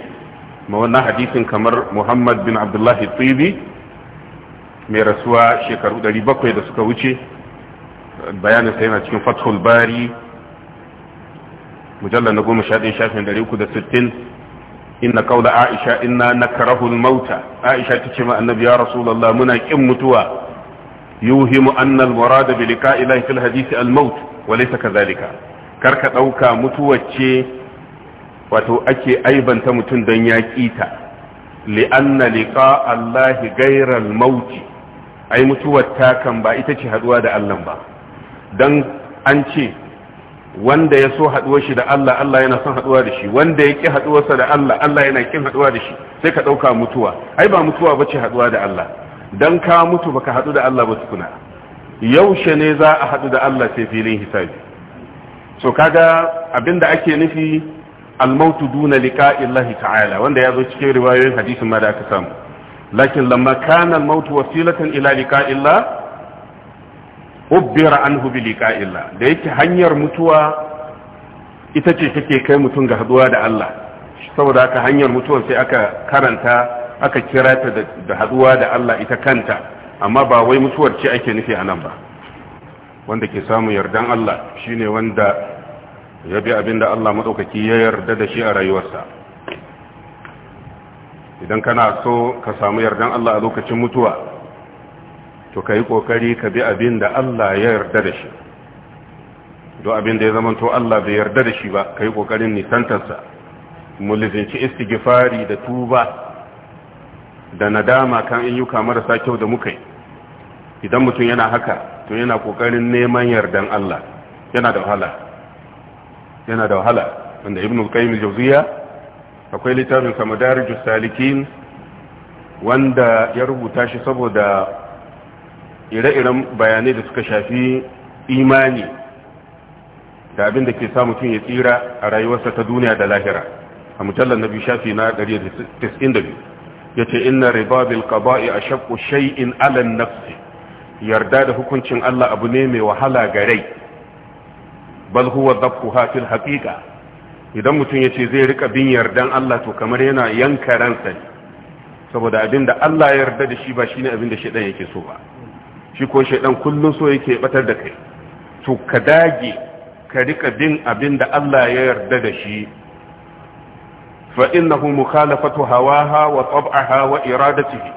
ma wannan hadisin kamar Muhammad bin Abdullah Tibi mai rasuwa shekaru 700 da suka wuce bayanin sa yana cikin Fathul Bari mujallal na 11 shafin 360 inna qawla Aisha inna nakrahu al-maut Aisha tace ma annabi ya rasulullah muna kin mutuwa yuhimu anna al-murada bi liqa'i Allah fil hadisi al-maut wa laysa kadhalika karka dauka mutuwar ce wato ake aibanta mutum don ya kita li'anna liqa Allah ghayra al ai mutuwar takan ba ita ce haduwa da Allah ba don an ce wanda ya so haduwar shi da Allah Allah yana son haduwa da shi wanda ya ki haduwarsa da Allah Allah yana kin haduwa da shi sai ka dauka mutuwa ai ba mutuwa ba ce haduwa da Allah dan ka mutu baka haɗu da Allah ba tukuna yaushe ne za a haɗu da Allah sai filin hisabi so kaga abinda ake nufi almautu duna liqa'illahi ta'ala wanda ya zo cikin riwayoyin hadisin ma da aka samu lakin lamma kana almautu wasilatan ila liqa'illah ubbira anhu bi liqa'illah da yake hanyar mutuwa ita ce take kai mutum ga haduwa da Allah saboda haka hanyar mutuwar sai aka karanta aka kira ta da haduwa da Allah ita kanta amma ba wai mutuwar ce ake nufi a nan ba wanda ke samun yardan Allah shine wanda ya bi abinda Allah madaukaki ya yarda da shi a rayuwarsa idan kana so ka samu yardan Allah a lokacin mutuwa to kai kokari ka bi abinda Allah ya yarda da shi don abinda ya zamanto Allah bai yarda da shi ba kai kokarin nisantarsa mu lizinci istighfari da tuba da nadama kan ayyuka marasa kyau da muka yi idan mutum yana haka to yana kokarin neman yardan Allah yana da wahala yana da wahala wanda ibnu qayyim al-jawziya akwai littafin sa madarijus salikin wanda ya rubuta shi saboda ire-iren bayanai da suka shafi imani da abin da ke sa mutum ya tsira a rayuwarsa ta duniya da lahira a mujallar na biyu shafi na 192 yace inna ribabil bil a ashaqqu shay'in 'ala an yarda da hukuncin Allah abu ne mai wahala ga rai bal huwa dhabhuha fil haqiqa idan mutum yace zai rika bin yardan Allah to kamar yana yanka ransa ne saboda da Allah ya yarda da shi ba shine abinda shedan yake so ba shi ko shedan kullun so yake batar da kai to ka dage ka rika bin abin da Allah ya yarda da shi fa innahu mukhalafatu hawaha hawa, tab'aha wa iradatihi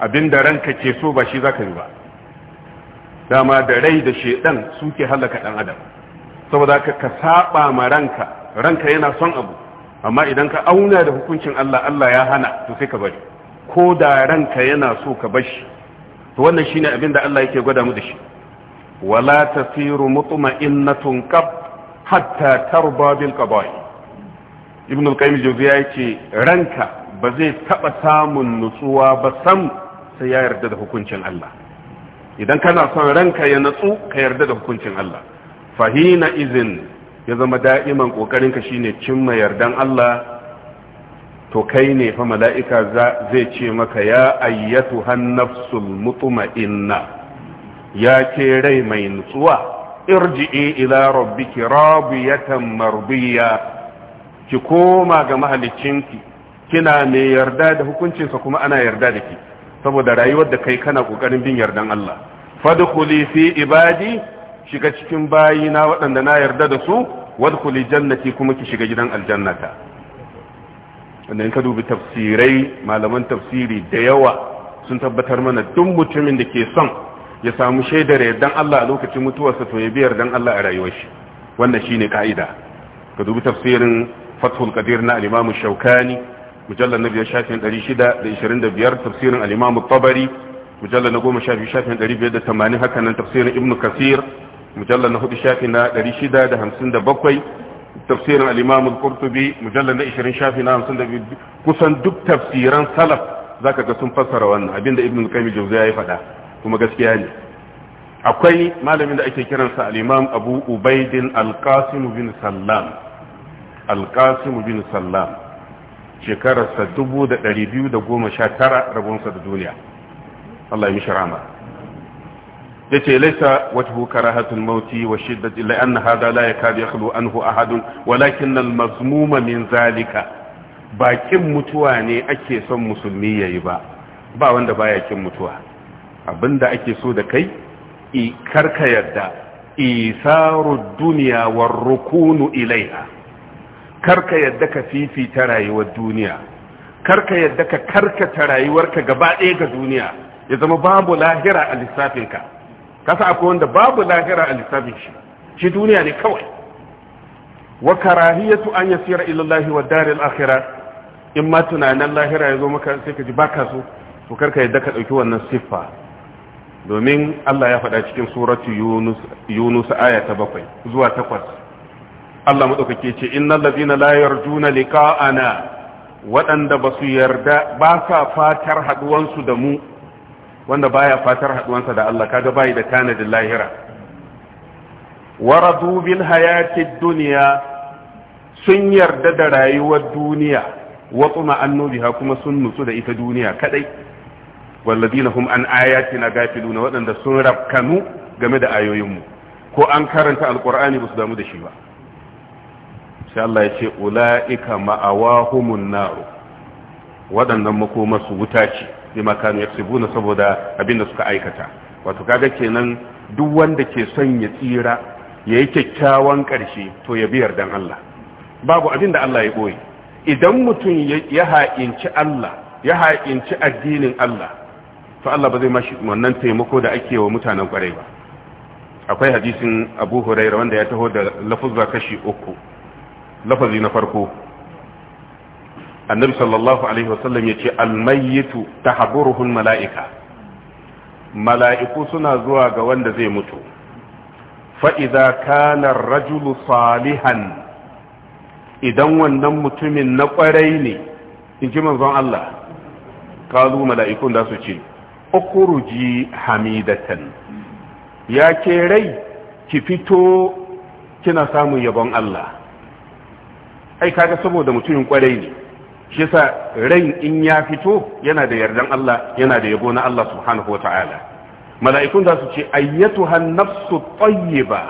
abinda ranka ke so ba shi zaka yi ba dama da rai da shedan suke halaka dan adam saboda ka ka saba ma ranka ranka yana son abu amma idan ka auna da hukuncin Allah Allah ya hana to sai ka bari ko da ranka yana so ka bashi to wannan shine abin da Allah yake gwada mu da shi wala tasiru mutma'innatun qab hatta tarba bil qada'i ibn al-qayyim jawziya yace ranka ba zai taba samun nutsuwa ba sam sai ya yarda da hukuncin Allah idan kana son ranka ya natsu ka yarda da hukuncin Allah fahina izin ya zama da'iman kokarin ka shine cimma yardan Allah to kai ne fa mala'ika zai ce maka ya ayyatu hannafsul mutma'inna ya ce rai mai nutsuwa irji'i ila rabbiki radiyatan mardiya ki koma ga mahaliccinki kina mai yarda da hukuncinsa kuma ana yarda da ki saboda rayuwar da kai kana kokarin bin yardan Allah fadkhuli fi ibadi shiga cikin bayi na waɗanda na yarda da su wadkhuli jannati kuma ki shiga gidan aljannata wannan ka dubi tafsirai malaman tafsiri da yawa sun tabbatar mana duk mutumin da ke son ya samu shaidar yardan Allah a lokacin mutuwarsa to ya bi yardan Allah a rayuwar shi wannan shine ka'ida ka dubi tafsirin fathul qadir na al shaukani mujallar na biyar shafin 625 tafsirin al-imam tabari mujallal na goma shafi shafin 580 haka nan tafsirin ibnu kasir mujallar na hudu shafi na 657 tafsirin al-imam al-qurtubi mujallal na 20 shafi na 52 kusan duk tafsiran salaf zaka ga sun fassara wannan abinda ibnu qayyim jawziya ya faɗa kuma gaskiya ne akwai malamin da ake kiransa al abu ubaidin al-qasim bin sallam alkasim bin sallam shekararsa tara rabonsa da duniya Allah ya ya ce laisa wata hukara hatun mauti wa shiddat illa an hada la ya kadi yakhlu anhu ahadun walakin al mazmuma min zalika bakin mutuwa ne ake son musulmi yayi ba ba wanda baya kin mutuwa abinda ake so da kai i karka yadda isaru duniya war rukunu ilaiha karka yadda ka fifita rayuwar duniya karka yadda ka karkata rayuwarka gaba ɗaya ga duniya ya zama babu lahira a lissafinka kasa akwai wanda babu lahira a lissafin shi shi duniya ne kawai wa karahiyatu an yasira ila wa daril akhirah in ma tunanin lahira ya zo maka sai ka ji baka so to karka yadda ka ɗauki wannan siffa domin Allah ya faɗa cikin suratu Yunus Yunus aya ta bakwai zuwa takwas. Allah maɗaukake ce innal ladina la yarjuna liqa'ana waɗanda ba su yarda ba sa fatar haɗuwansu da mu wanda baya fatar haɗuwansa da Allah kaga bai da tanadin lahira waradu bil hayatid dunya sun yarda da rayuwar duniya wa kuma kuma sun nutsu da ita duniya kadai walladina hum an ayatina gafiluna waɗanda sun mu game da ayoyinmu ko an karanta alqur'ani ba su damu da shi ba sai Allah ya ce ula'ika ma'awahumun naru waɗannan su wuta ce bi makanu yaksibuna saboda abin da suka aikata wato kaga kenan duk wanda ke son ya tsira yayi kyakkyawan ƙarshe to ya biyar dan Allah babu abin da Allah ya boye idan mutum ya ha'inci Allah ya ha'inci addinin Allah to Allah ba zai mashi wannan taimako da ake wa mutanen kwarai ba akwai hadisin Abu Hurairah wanda ya taho da lafuzza kashi uku lafazi na farko annabi sallallahu alaihi wasallam ya ce almayitu ta haɓuruhun mala'ika mala'iku suna zuwa ga wanda zai mutu fa'iza kanar rajulu salihan idan wannan mutumin na ƙwarai ne in ji manzon Allah kalu mala'ikun da su ce ukuruji hamidatan ya ke rai ki fito kina samun yabon Allah ai kaga saboda mutumin kwarai ne shi yasa rai in ya fito yana da yardan Allah yana da yabo na Allah subhanahu wataala mala'ikun za su ce ayyatu nafsu tayyiba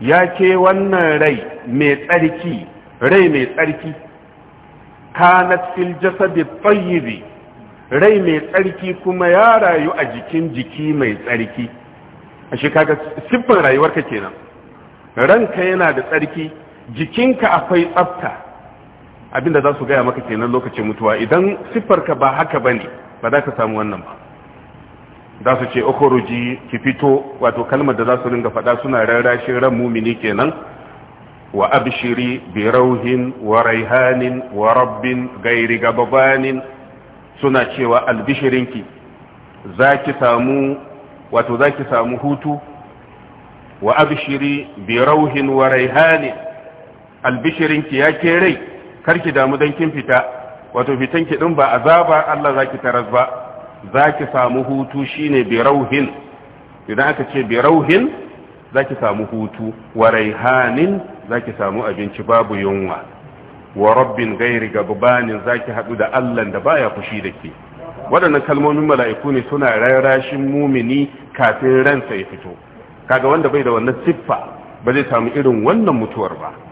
ya ke wannan rai mai tsarki rai mai tsarki kanat fil jasadi tayyibi rai mai tsarki kuma ya rayu a jikin jiki mai tsarki a shi kaga siffin rayuwarka kenan ranka yana da tsarki jikinka akwai tsafta abinda za su gaya maka kenan lokacin mutuwa idan siffarka ba haka ba ne ba za ka samu wannan ba za su ce okoroji ki fito wato kalmar da za su ringa faɗa suna rarrashin ran mumini kenan wa abshiri bi rauhin wa raihanin wa rabbin gairi gababanin suna cewa albishirinki za ki samu wato za ki samu hutu wa abshiri bi rauhin wa raihanin albishirinki ya ke rai karki damu dan kin fita wato fitan ki din ba azaba Allah zaki taras ba zaki samu hutu shine bi rauhin idan aka ce bi rauhin zaki samu hutu wa raihanin zaki samu abinci babu yunwa wa rabbin ghairi gabanin zaki hadu da Allah da baya fushi da ke waɗannan kalmomin mala'iku ne suna rarashin mumini kafin ransa ya fito kaga wanda bai da wannan siffa ba zai samu irin wannan mutuwar ba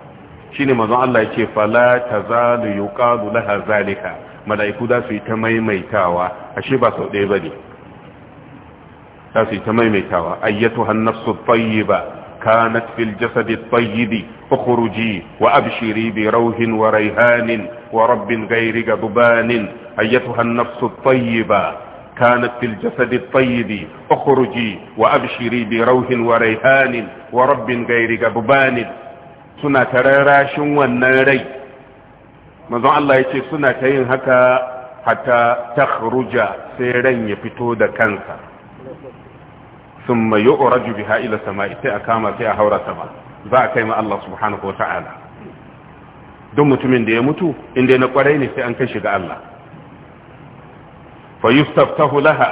shine manzon Allah yake fala tazalu yuqalu laha zalika malaiku da su yi ta maimaitawa ashe ba sau ɗaya bane da su yi ta maimaitawa ayyatuha an-nafsu at-tayyiba kanat fil jasadi at-tayyib ukhruji wa abshiri bi rawhin wa rayhanin wa rabbin ghayri ghadbanin ayyatuha an-nafsu at-tayyiba كانت في الجسد الطيب اخرجي وأبشري بروح وريحان ورب غير جببان suna ta rarrashin wannan rai manzon Allah ya ce suna ta yin haka hatta ta sai ran ya fito da kansa sun mai yi oraju biha ila sama sai a kama sai a haura sama za a kai ma Allah subhanahu wa ta'ala don mutumin da ya mutu inda na kwarai ne sai an kai shi ga Allah fa yustaftahu laha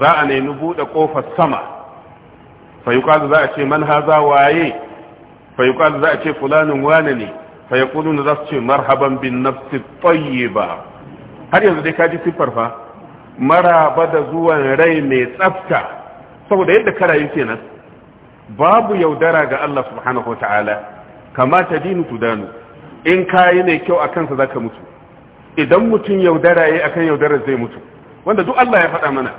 za a nemi buɗe ƙofar sama fa yuqalu za a ce man haza waye fa za a ce fulanin wane ne fa yaquluna za su ce marhaban bin nafsi ba har yanzu dai kaji siffar fa maraba da zuwan rai mai tsafta saboda yadda ka rayu kenan babu yaudara ga Allah subhanahu kamata kama ta dinu tudanu in yi ne kyau a kansa zaka mutu idan mutum yaudara yayi akan yaudara zai mutu wanda duk Allah ya faɗa mana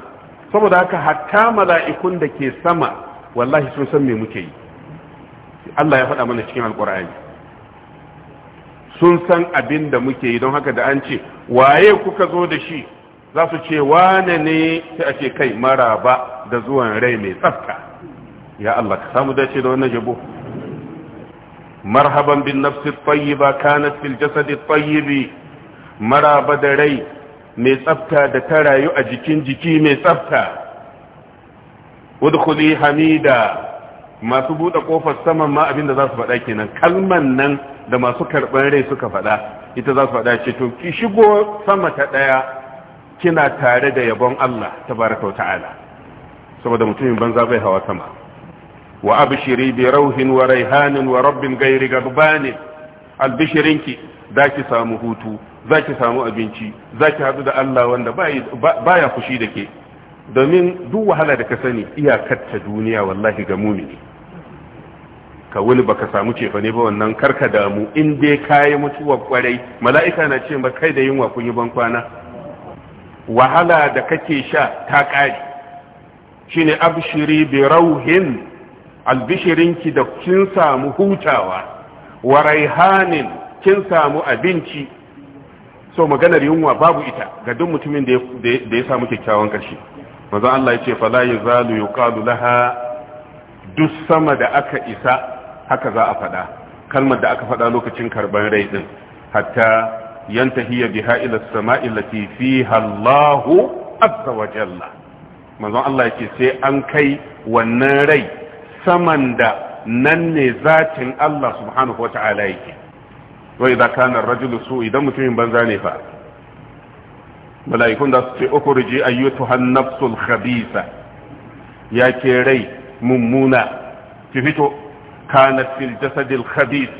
saboda haka hatta mala'ikun da ke sama wallahi sun san me muke yi Allah ya faɗa mana cikin alƙur'ani. sun san abin da muke yi don haka da an ce waye kuka zo da shi za su ce wane ne sai a ce kai ba da zuwan rai mai tsafta ya Allah ka samu dace da wannan jabo marhaban bin nafsi tayyiba kanat fil jasadi tayyibi ba da rai mai tsafta da ta rayu a jikin jiki mai tsafta udkhuli hamida masu buɗe kofar saman ma abin da za su faɗa kenan kalman nan da masu karɓar rai suka faɗa ita za su faɗa ce to ki shigo sama ta ɗaya kina tare da yabon Allah tabaraka wa ta'ala saboda mutumin banza bai hawa sama wa abshiri bi rauhin wa raihanin wa rabbin ghairi gagbani albishirinki zaki samu hutu zaki samu abinci zaki hadu da Allah wanda baya fushi da ke domin duk wahala da ka sani iyakar ta duniya wallahi ga mumini ka wuli baka samu cefa ne ba wannan karka damu in dai kayi mutuwa kwarai mala'ika na ce kai da yunwa kun yi ban kwana wahala da kake sha ta kare shine abshiri bi rauhin albishirinki da kin samu hutawa wa raihanin kin samu abinci so maganar yunwa babu ita ga duk mutumin da ya samu kyakkyawan karshe manzo Allah ya ce fala zalu yuqalu laha duk sama da aka isa haka za a faɗa kalmar da aka faɗa lokacin karban rai ɗin hatta yantahi biha ila as-sama'i allati fiha Allahu azza wa jalla manzon Allah yake sai an kai wannan rai saman da nan ne zatin Allah subhanahu wa ta'ala yake wa idza kana ar-rajulu su idan mutumin banza ne fa mala'ikun da su ce ukurji ayyutuhan nafsul khabisa ya ke rai mummuna ki fito kanat fil jasadil khabith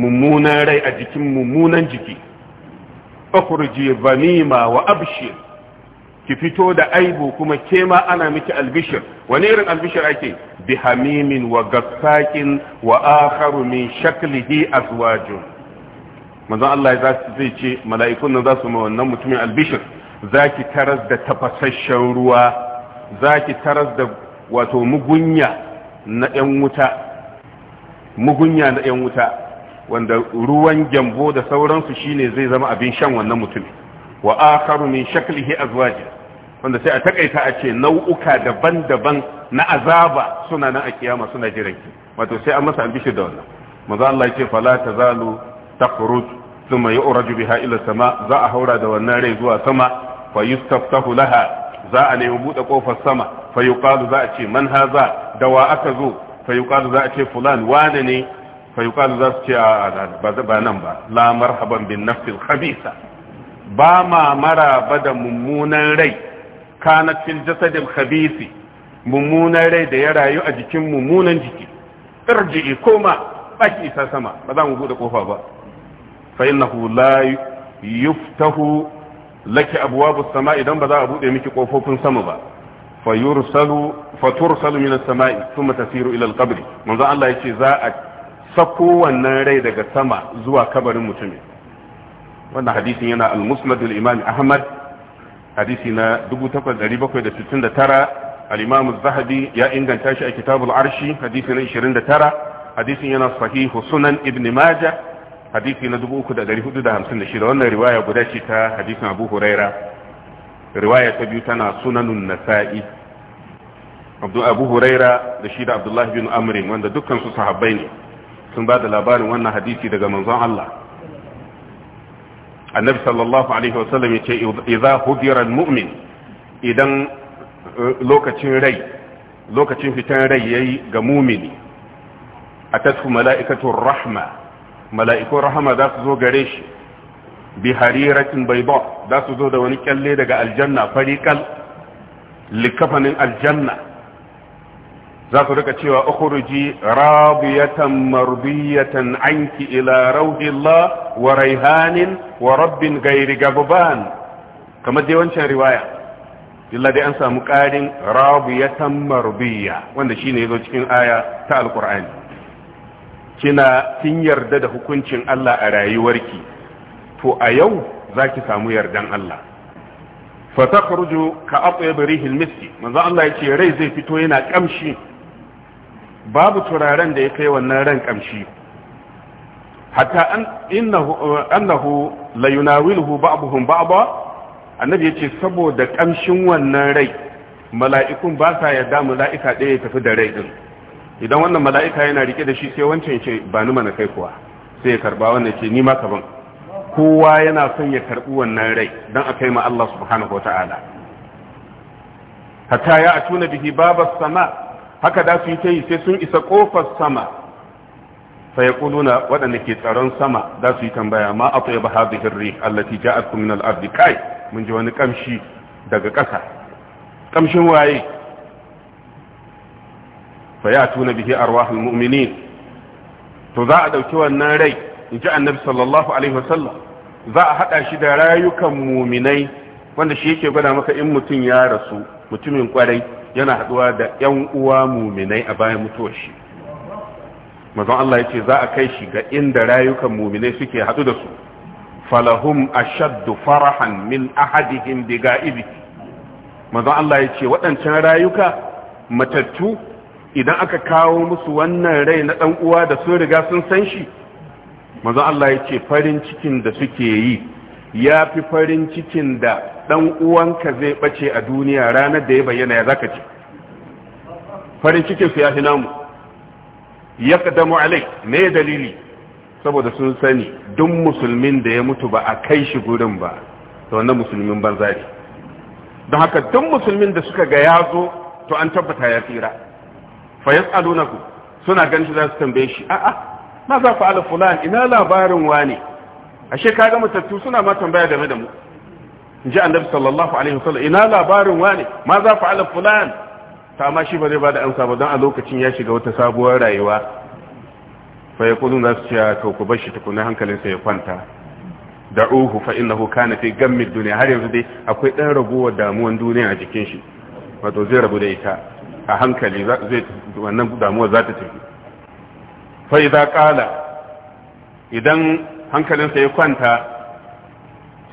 mummuna rai a jikin mummunan jiki ukhruji banima wa abshir ki fito da aibu kuma ke ma ana miki albishir wani irin albishir ake bi hamimin wa gassakin wa akharu min shaklihi azwajun manzon Allah ya zai ce mala'ikun nan za su ma wannan mutumin albishir zaki taras da tafasasshen ruwa zaki taras da wato mugunya na ɗan wuta mugunya na yan wuta wanda ruwan gyambo da sauransu shine zai zama abin shan wannan mutum wa akharu min shaklihi azwaji wanda sai a takaita a ce nau'uka daban-daban na azaba suna nan a kiyama suna jiran ki wato sai an masa ambishi da wannan manzo Allah ce fala tazalu takhruj thumma yu'raju biha ila sama za a haura da wannan rai zuwa sama fa yustaftahu laha za a nemi bude kofar sama fa yuqalu za a ce man haza da wa aka zo fayuqalu za a ce fulan wane ne fayuqalu za su ce a ba nan ba Lamar haban bin nafsil khabisa ba ma maraba da mummunan rai kanakin jasadin jasadil khabisi mummunan rai da ya rayu a jikin mummunan jiki irji'i koma baki isa sama ba za mu bude kofa ba fa innahu la yuftahu laki abwabus sama idan ba za a bude miki kofofin sama ba fayursalu fatursalu min as-sama'i thumma tasiru ila al-qabr manzo Allah yace za a sako wannan rai daga sama zuwa kabarin mutumin wannan hadisin yana al-musnad al-imam Ahmad hadisi na 8769 al-imam az-zahabi ya inganta shi a kitabul arshi hadisi na 29 hadisin yana sahihu sunan ibn majah hadisi na 3456 wannan riwaya guda ce ta hadisin Abu Huraira riwaya ta biyu tana sunanun nasa'i abdu abu huraira da shi da abdullahi bin amrin wanda dukkan su sahabbai ne sun ba da labarin wannan hadisi daga manzon Allah annabi sallallahu alaihi wasallam ya ce idza hudira mu'min idan eh, lokacin rai lokacin fitan rai yayi ga mumini atatu mala'ikatu rahma mala'ikun rahma za su zo gare shi bi hariratin bayda za su zo da wani kyalle daga aljanna fariqal likafanin aljanna za ku rika cewa ukhruji radiyatan marbiyatan anki ila rauhillah wa raihanin wa rabbin ghairi gabban kamar dai wancan riwaya illa dai an samu ƙarin radiyatan marbiya wanda shine yazo cikin aya ta alqur'ani kina kin yarda da hukuncin Allah a rayuwarki to a yau zaki samu yardan Allah fa takhruju ka atyab rihil miski manzo Allah yace rai zai fito yana kamshi babu turaren da ya kai wannan ran kamshi hatta annahu la yunawiluhu ba'dhum ba'dha annabi yace saboda kamshin wannan rai mala'ikun ba sa yarda mala'ika ɗaya ya tafi da rai din idan wannan mala'ika yana rike da shi sai wancan ce ba ni mana kai kuwa sai ya karba wannan ce ni ma ka ban kowa yana son ya karbi wannan rai dan a kai ma Allah subhanahu wataala hatta ya atuna bihi babas sama haka da su yi ta yi sai sun isa kofar sama fa ya kuluna waɗanda ke tsaron sama da su yi tambaya ma atya ba hadhihi ar-rih allati ja'atkum min al-ardi kai mun ji wani kamshi daga ƙasa kamshin waye fa ya tuna bihi arwahul mu'minin to za a dauki wannan rai in ji annabi sallallahu alaihi wasallam za a hada shi da rayukan muminai wanda shi yake gwada maka in mutum ya rasu mutumin kwarai yana haduwa da yan uwa muminai a bayan mutuwar shi manzon Allah yace za a kai shi ga inda rayukan muminai suke hadu da su falahum ashaddu farahan min ahadihim bi ga'ibi manzon Allah yace waɗancan rayuka matattu idan aka kawo musu wannan rai na ɗan uwa da sun riga sun san shi manzon Allah yace farin cikin da suke yi ya fi farin cikin da dan uwanka zai bace a duniya ranar da ya bayyana ya zaka ce farin cikin su ya fi namu ya kadamu alai me dalili saboda sun sani duk musulmin da ya mutu ba a kai shi gurin ba to wannan musulmin banza ne don haka duk musulmin da suka ga ya zo to an tabbata ya tsira fa yas'alunaku suna ganin shi za su tambaye shi a'a ma za fa ala fulan ina labarin wani ashe kaga matattu suna ma tambaya game da mu in ji annabi sallallahu alaihi wasallam ina labarin wani ma za ala fulan ta ma shi ba zai bada amsa ba don a lokacin ya shiga wata sabuwar rayuwa fa yaqulu nas ya to ku bar shi tukuna hankalinsa ya kwanta da'uhu fa innahu kana fi gammi dunya har yanzu dai akwai dan raguwar damuwan duniya a jikin shi wato zai rabu da ita a hankali zai wannan damuwar za ta tafi fa idza qala idan hankalinsa ya kwanta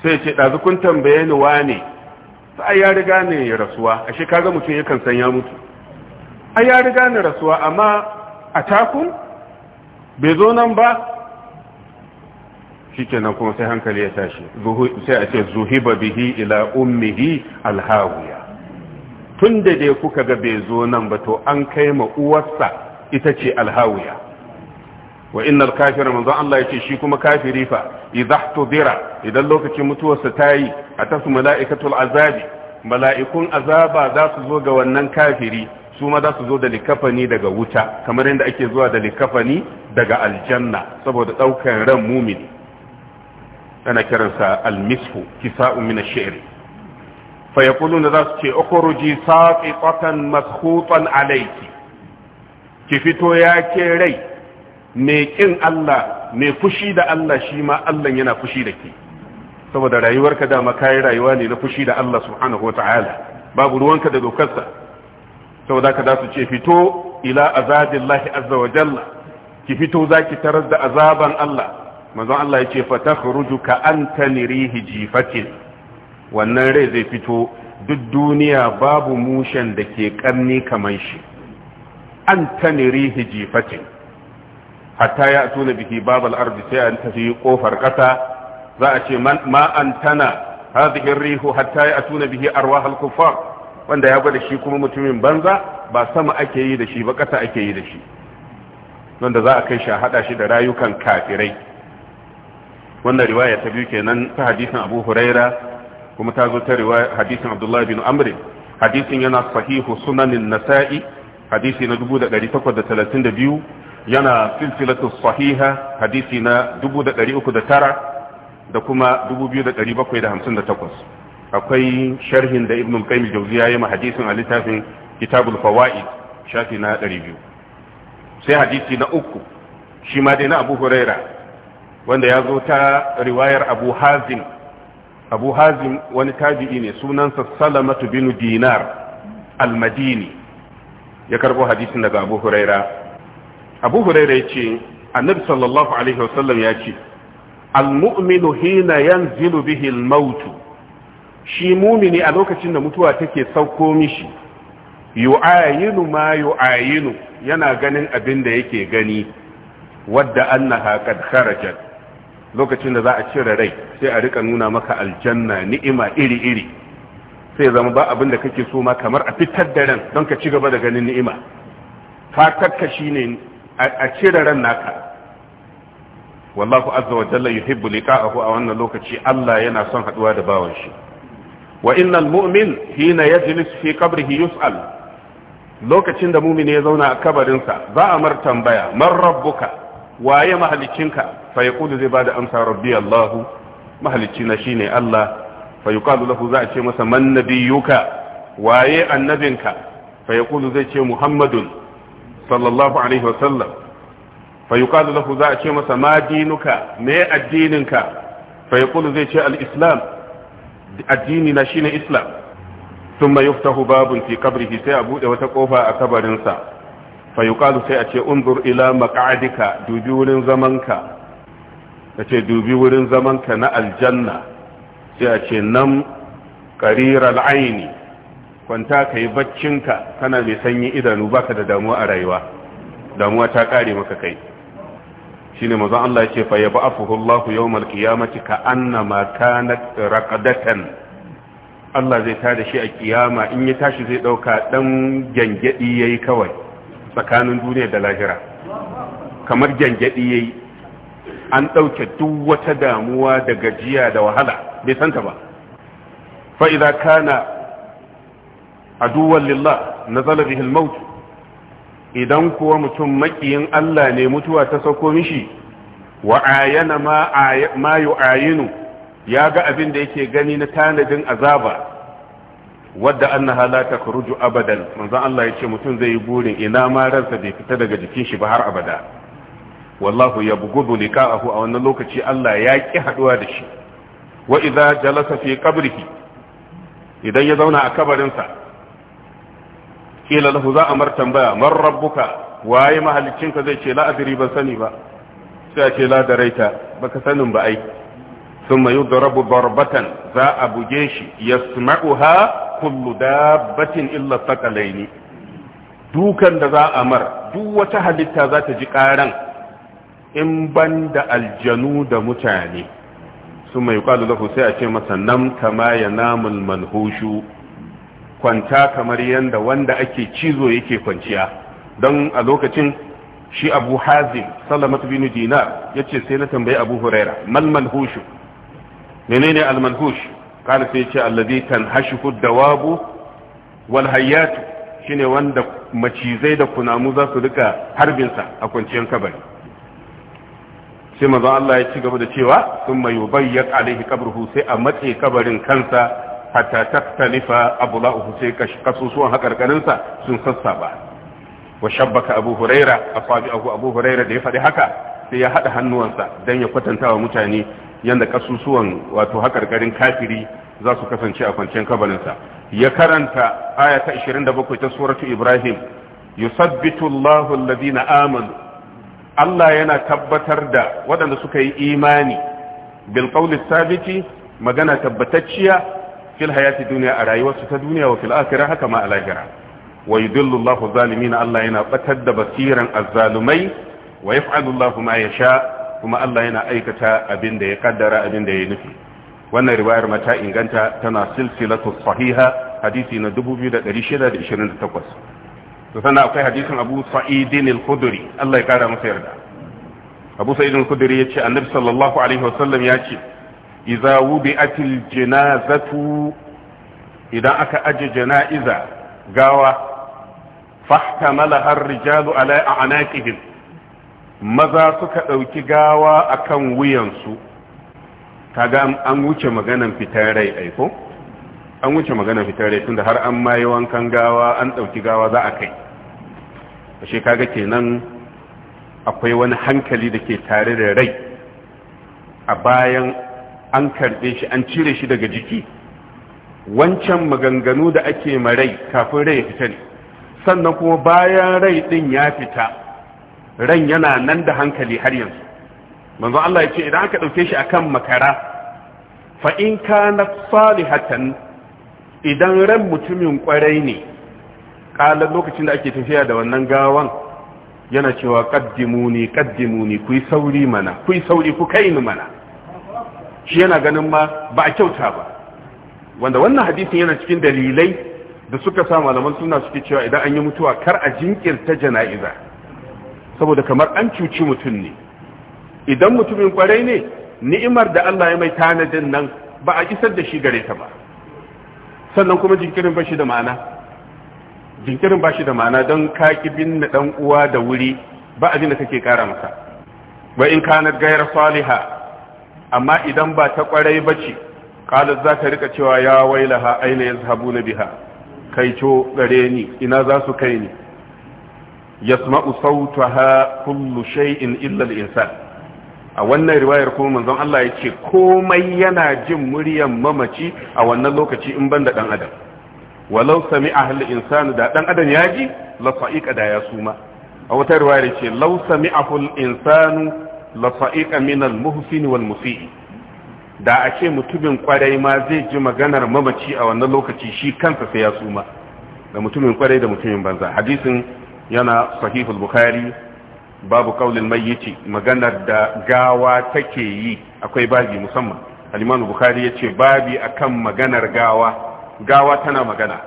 sai ce ɗazu kun tambaye ni wane sai ya riga ne ya rasuwa A shekaru mutum yakan san ya mutu ai ya riga ne rasuwa amma a takun bai zo nan ba shikenan kuma sai hankali ya tashi sai a ce zuhiba bihi ila ummihi alhawiya tunda dai kuka ga bai zo nan ba to an kai ma uwarsa ita ce alhawiya wa innal kafira manzo Allah yace shi kuma kafiri fa idza tudira idan lokacin mutuwarsa tayi atasu malaikatul azabi mala'ikun azaba za su zo ga wannan kafiri su ma za su zo da likafani daga wuta kamar yadda ake zuwa da likafani daga aljanna saboda daukan ran mumini ana kiransa almisfu kisa'u min ash-shi'r fa yaquluna za su ce ukhruji saqitatan mashutan alayki ki fito ya ke rai mai kin Allah mai fushi da Allah shi ma Allah yana fushi da ke saboda rayuwarka dama kayi rayuwa ne na fushi da Allah subhanahu wataala babu ruwanka da dokarsa saboda ka za su ce fito ila azabillahi azza wa jalla ki fito zaki tarar da azaban Allah manzon Allah ya ce fatakhruju ka anta nirihi jifatin wannan rai zai fito duk duniya babu mushen da ke karni kamar shi anta nirihi jifatin hatta ya tuna bihi babal ardi sai an tafi kofar kasa za a ce ma an tana hadhihi rihu hatta ya tuna bihi arwah al wanda ya gwada shi kuma mutumin banza ba sama ake yi da shi ba kasa ake yi da shi wanda za a kai shi a hada shi da rayukan kafirai wannan riwaya ta biyu kenan ta hadisin Abu Huraira kuma ta zo ta riwaya hadisin Abdullah bin Amri hadisin yana sahihu sunanin Nasa'i hadisi na biyu. yana silsilatu sahiha hadisi na 309 da kuma 2758 akwai sharhin da ibn qayyim jawziya yayi ma hadisin a littafin kitabul fawaid shafi na 200 sai hadisi na uku shi ma dai na abu huraira wanda ya zo ta riwayar abu hazim abu hazim wani tabi'i ne sunansa salamatu bin dinar al-madini ya karbo hadisin daga abu huraira abu huraira yace annabi sallallahu alaihi wasallam ya ce almu'minu hina yanzilu bihi almaut shi mumini a lokacin da mutuwa take sauko mishi yu'ayinu ma yu'ayinu yana ganin abin da yake gani wadda annaha qad kharajat lokacin da za a cire rai sai a rika nuna maka aljanna ni'ima iri-iri sai zama ba abin da kake so ma kamar a fitar da ran don ka ci gaba da ganin ni'ima fatakka shine a cire ran naka wallahu azza wa jalla yuhibbu liqa'ahu a wannan lokaci Allah yana son haduwa da bawan shi wa innal mu'min hina yajlis fi qabrihi yus'al lokacin da mu'mini ya zauna a kabarin sa za a mar tambaya man rabbuka waye mahalicinka fa yaqulu zai bada amsa rabbi Allah mahalicina shine Allah fa yuqalu lahu za a ce masa man nabiyyuka waye annabinka fa yaqulu zai ce muhammadun sallallahu alaihi wasallam fa yuqalu lahu za a ce masa ma dinuka me addininka fa yaqulu zai ce al-islam addini na shine islam thumma yuftahu babun fi qabrihi sai a bude wata kofa a kabarin sa fa yuqalu sai a ce unzur ila maq'adika dubi wurin zamanka kace dubi wurin zamanka na aljanna sai a ce nam qarir al-aini kwanta ka yi baccinka kana mai sanyi idanu baka da damuwa a rayuwa damuwa ta kare maka kai shi ne mazan Allah ce fa yaba afuhullahu yau malkiyamaci ka annama kanat raƙadatan Allah zai tada shi a kiyama in ya tashi zai ɗauka ɗan gyangyaɗi ya yi kawai tsakanin duniya da lahira kamar gyangyaɗi ya yi an ɗauke duk wata damuwa da gajiya da wahala bai santa ba fa'iza kana aduwan lillah na bihi al idan kuwa mutum makiyin Allah ne mutuwa ta sauko mishi wa ayana ma ma yu'ayinu ya ga abin da yake gani na tanadin azaba wadda annaha la takhruju abadan manzon Allah yace mutum zai yi burin ina ma ransa bai fita daga jikin shi ba har abada wallahu ya yabghudu lika'ahu a wannan lokaci Allah ya ki haɗuwa da shi wa idza jalasa fi qabrihi idan ya zauna a kabarinsa kila lahu za a mar tambaya man rabbuka waye ka zai ce la adri ban sani ba sai a ce la daraita baka sanin ba ai thumma yudrabu darbatan za a buge shi yasma'uha kullu dabbatin illa thaqalaini dukan da za a mar duk wata halitta za ta ji karan in ban da aljanu da mutane sun mai kwalu lahu sai a ce masa nam kama ya namun manhushu kwanta kamar yadda wanda ake cizo yake kwanciya don a lokacin shi abu hazim salamatu bin dinar ya ce sai na tambayi abu huraira mal mene menene al manhush kana sai ce allazi kan hudda dawabu wal hayatu shine wanda macizai da kunamu za su rika harbinsa a kwanciyar kabari sai mazan Allah ya ci gaba da cewa sun mai yubayyak alaihi qabruhu sai a matse kabarin kansa hatta taftalifa abula'uhu sai kasusuwan hakarkarinsa sun sassaɓa wa shabbaka abu huraira asabi'ahu abu huraira da ya faɗi haka sai ya haɗa hannuwansa don ya kwatanta wa mutane yadda kasusuwan wato hakarkarin kafiri za su kasance a kwanciyar kabarinsa ya karanta aya ta 27 ta suratu ibrahim yusabbitu allahu alladhina amanu Allah yana tabbatar da waɗanda suka yi imani bil qawli sabiti magana tabbatacciya fil hayati duniya a rayuwarsu ta duniya wa fil akhirah haka ma a lahira wa yudillu Allahu zalimin Allah yana batar da basiran azzalumai wa yaf'alu Allahu ma yasha kuma Allah yana aikata abin da ya kaddara abin da ya nufi wannan riwayar mata inganta tana silsilatu sahiha hadisi na 2628 to sannan akwai hadisin Abu Sa'idin al-Khudri Allah ya kara masa yarda Abu Sa'idin al-Khudri yace Annabi sallallahu alaihi wasallam yace iza wudi'atil janazatu idan aka aje jana'iza gawa fahtamala har rijalu ala a'naqihim maza suka ɗauki gawa kan wuyansu kaga an wuce maganan fitar rai aiko an wuce maganan fitar rai tunda har an mayi wankan gawa an ɗauki gawa za a kai ashe kaga kenan akwai wani hankali da ke tare da rai a bayan an karɓe shi an cire shi daga jiki wancan maganganu da ake marai kafin rai ya fita ne sannan kuma bayan rai ɗin ya fita ran yana nan da hankali har yanzu manzo Allah ya ce idan aka ɗauke shi akan makara fa in kana salihatan idan ran mutumin kwarai ne kala lokacin da ake tafiya da wannan gawan yana cewa qaddimuni qaddimuni ku sauri mana ku sauri ku kai ni mana shi yana ganin ma ba a kyauta ba wanda wannan hadisin yana cikin dalilai da suka sa malaman suna suke cewa idan an yi mutuwa kar a jinkirta jana'iza saboda kamar an cuci mutum ne idan mutumin kwarai ne ni'imar da Allah ya mai tanadin nan ba a isar da shi gare ta ba sannan kuma jinkirin ba shi da ma'ana jinkirin ba shi da ma'ana don ka bin na dan uwa da wuri ba abin da kake kara masa wa in kana gairar saliha amma idan ba ta kwarai ce, qalat za ka rika cewa ya wailaha aina na biha co gare ni ina za su kai ni yasma'u sautaha kullu shay'in illa al-insan a wannan riwayar kuma manzon Allah ya ce komai yana jin muryar mamaci a wannan lokaci in banda dan adam walau sami ahal insanu da dan adam ya ji la da ya suma a wata riwayar ce law sami ahul insanu lafa'iqa min al-muhsin wal musii da a ce mutumin kwarai ma zai ji maganar mamaci a wannan lokaci shi kansa sai ya suma da mutumin kwarai da mutumin banza hadisin yana sahihul bukhari babu qaulil mayyiti maganar da gawa take yi akwai babi musamman al-imam bukhari yace babi akan maganar gawa gawa tana magana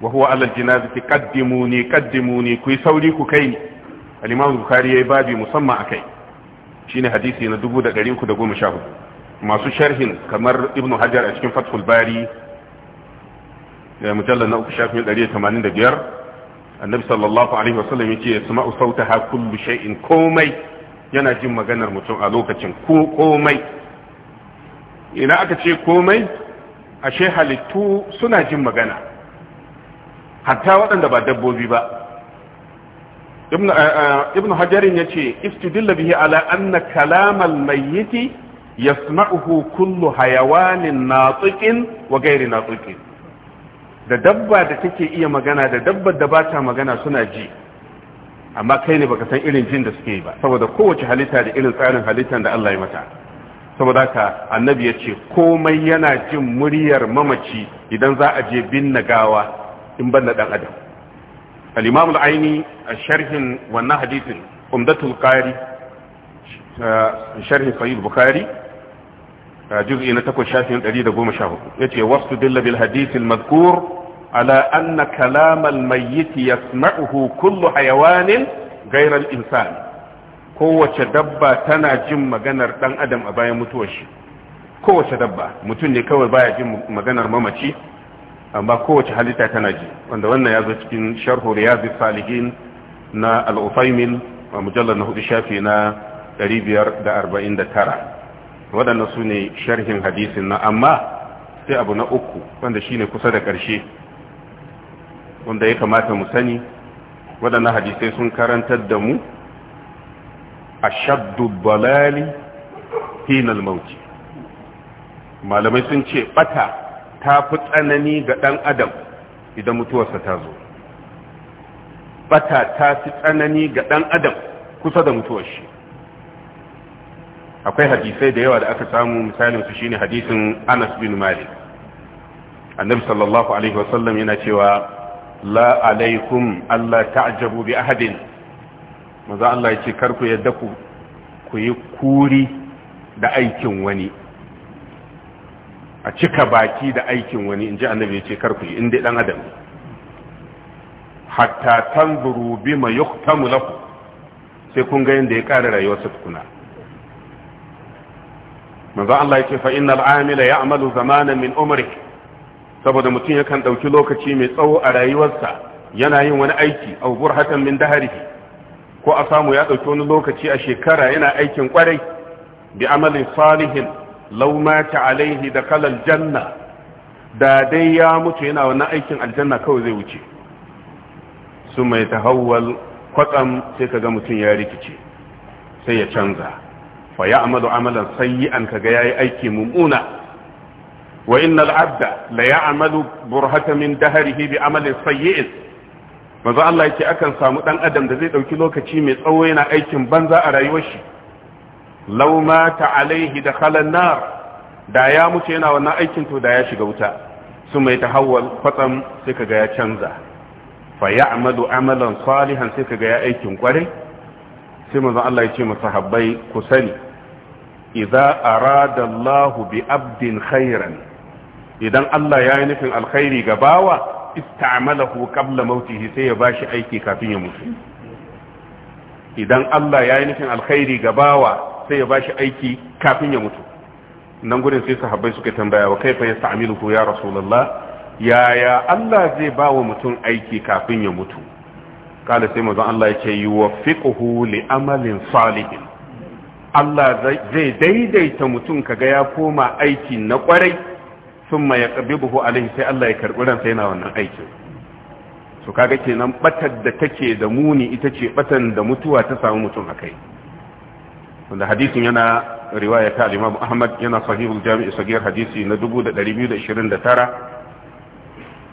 wa huwa ala al-janazati qaddimuni qaddimuni ku sauri ku kai al-imam bukhari yayi babi musamman akai shine hadisi na 1314 masu sharhin kamar ibnu hajar a cikin fathul bari da eh, mujallal na uku shafin 185 annabi sallallahu alaihi wasallam yace yasma'u sautaha kullu shay'in komai yana jin maganar mutum a lokacin ko komai ina aka ce komai ashe halittu suna jin magana hatta waɗanda ba dabbobi ba Eh, eh, ibn hajarin ya ce istidilla bihi ala anna kalamal mayyiti yasma'uhu kullu hayawanin natsikin wa gairi natsikin da dabba da take iya magana da dabba da ba ta magana suna ji amma kai ne baka san irin jin da suke yi ba saboda kowace halitta da irin tsarin halittar da Allah ya mata saboda haka annabi ya ce komai yana jin muryar mamaci idan za a je bin nagawa in ban na dan adam al-imam a sharhin wannan hadisin umdatul qari sharhi sahih a juz'i na 8 shafin 114 yace wasu dilla bil hadith al-madhkur ala anna kalam al-mayyit yasma'uhu kullu hayawanin ghayra al-insan kowace dabba tana jin maganar dan adam a bayan mutuwar shi kowace dabba mutum ne kawai baya jin maganar mamaci amma kowace halitta tana ji wanda wannan ya zo cikin sharhu riyadus salihin na al a mujallar na hudu shafi na 549 waɗannan su ne sharhin hadisin na amma sai abu na uku wanda shine kusa da ƙarshe wanda ya kamata mu sani waɗannan hadisai sun karantar da mu a shaddu balali hinal mauti malamai sun ce ɓata ta fi tsanani ga ɗan adam idan mutuwarsa ta zo bata ta fi tsanani ga ɗan adam kusa da mutuwar shi akwai hadisai da yawa da aka samu misalin su shine hadisin Anas bin Malik annabi sallallahu alaihi wasallam yana cewa la alaikum Allah ta'jabu bi ahadin maza Allah ya ce ku yadda ku ku yi kuri da aikin wani a cika baki da aikin wani in ji annabi ya ce karku yi inda dan adam hatta tanzuru bima yuktamu lahu sai kun ga yanda ya kare rayuwarsa tukuna manzo Allah yake fa innal amila ya'malu zamana min umri saboda mutum yakan dauki lokaci mai tsawo a rayuwarsa yana yin wani aiki aw burhatan min dahrihi ko a samu ya dauki wani lokaci a shekara yana aikin kwarai bi amalin salihin lauma ta alaihi da kalal janna da dai ya mutu yana wannan aikin aljanna kawai zai wuce su mai tahawwal kwatsam sai kaga mutum ya rikice sai ya canza fa ya amalu amalan sayyi'an kaga yayi aiki mummuna wa innal abda la ya'malu burhata min dahrihi bi amalin sayyi'in manzo Allah yake akan samu dan adam da zai dauki lokaci mai tsawo yana aikin banza a rayuwar shi Laumata mata alaihi da khalan nar da ya mutu yana wannan aikin to da ya shiga wuta su mai tahawwal kwatsam sai kaga ya canza fa ya'malu amalan salihan sai kaga ya aikin kwarai sai manzon Allah ya ce masahabbai ku sani idza arada Allah bi abdin khairan idan Allah ya yi nufin alkhairi ga bawa ista'malahu qabla mautihi sai ya bashi aiki kafin ya mutu idan Allah ya yi nufin alkhairi ga bawa sai ya ba shi aiki kafin ya mutu nan gudun sai sahabbai suka tambaya wa aminu ku ya rasulullah yaya Allah zai ba wa mutum aiki kafin ya mutu kala sai mazan Allah yake yi wa fiƙuhu li amalin salihin Allah zai daidaita mutum kaga ya koma aiki na kwarai. sun ma ya ƙabi buhu alaihi sai Allah ya karɓi ransa yana wannan aikin su kaga kenan batar da take da muni ita ce batan da mutuwa ta samu mutum a kai wanda hadisin yana riwaya ta al Ahmad yana sahihul Jami' sagir hadisi na 2229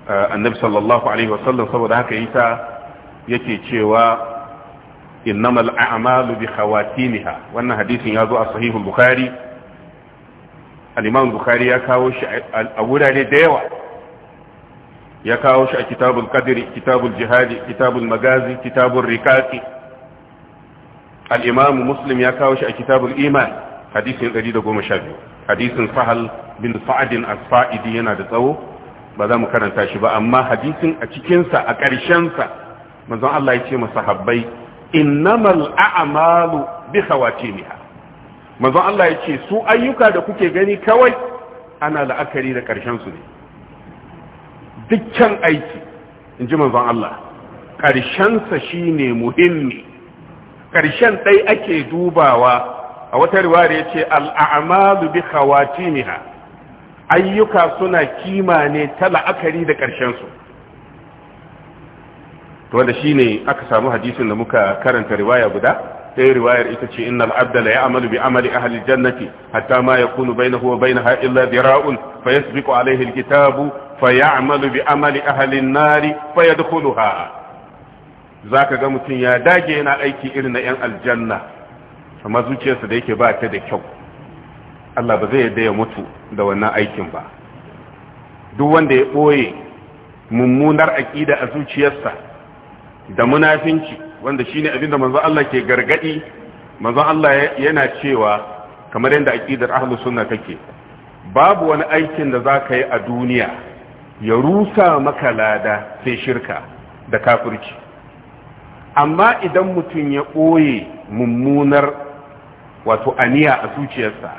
uh, annabi sallallahu alaihi wasallam saboda haka yasa yake cewa innamal a'malu bi khawatimiha wannan hadisin ya zo a sahihul Bukhari al Bukhari ya kawo shi a wurare da yawa ya kawo shi a kitabul qadri kitabul jihadi kitabul magazi kitabul riqaqi al-imamu muslim ya kawo shi a kitabul iman hadisin 112 hadisin sahal bin sa'adin as-sa'idi yana da tsawo ba za mu karanta shi ba amma hadisin a cikinsa a ƙarshensa manzon Allah ya ce masa habbai innamal a'malu bi khawatimiha manzon Allah ya ce su ayyuka da kuke gani kawai ana la'akari da ƙarshen su ne dukkan aiki in ji manzon Allah ƙarshensa shine muhimmi ƙarshen ɗai ake dubawa a wata riwaya ya ce al'amalu bi khawatimiha ayyuka suna kima ne ta la'akari da ƙarshensu to wanda shi ne aka samu hadisin da muka karanta riwaya guda ɗaya riwayar ita ce innal abda la ya'malu bi amali ahli jannati hatta ma yakunu bainahu wa bainaha illa dira'un fa yasbiqu alayhi alkitabu fa ya'malu bi amali ahli an-nari fa yadkhuluha za ka ga mutum ya dage yana aiki irin na 'yan aljanna amma zuciyarsa da yake ba ta da kyau Allah ba zai yadda ya mutu da wannan aikin ba duk wanda ya ɓoye mummunar aƙida a zuciyarsa da munafinci wanda shine abin da manzo Allah ke gargaɗi, manzo Allah yana cewa kamar yadda aƙidar ahlus sunna take babu wani aikin da za ka yi a duniya ya rusa maka lada sai shirka da kafirci amma idan mutum ya ɓoye mummunar wato aniya a zuciyarsa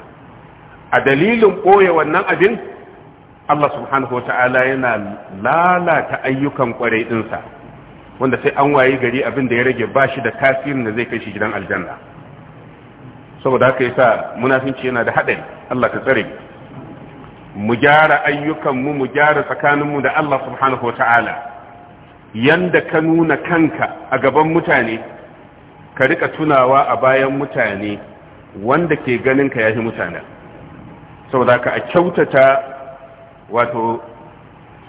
a dalilin ɓoye wannan abin Allah subhanahu wa ta'ala yana lalata ayyukan ƙwarai ɗinsa wanda sai an wayi gari abin da ya rage ba shi da tasirin da zai kai shi gidan aljanna saboda haka yasa munafinci yana da haɗari Allah ka tsare mu gyara ayyukanmu mu gyara tsakaninmu da Allah subhanahu wa ta'ala yanda ka nuna kanka a gaban mutane ka rika tunawa a bayan mutane wanda ke ganin ka yafi mutane saboda ka a kyautata wato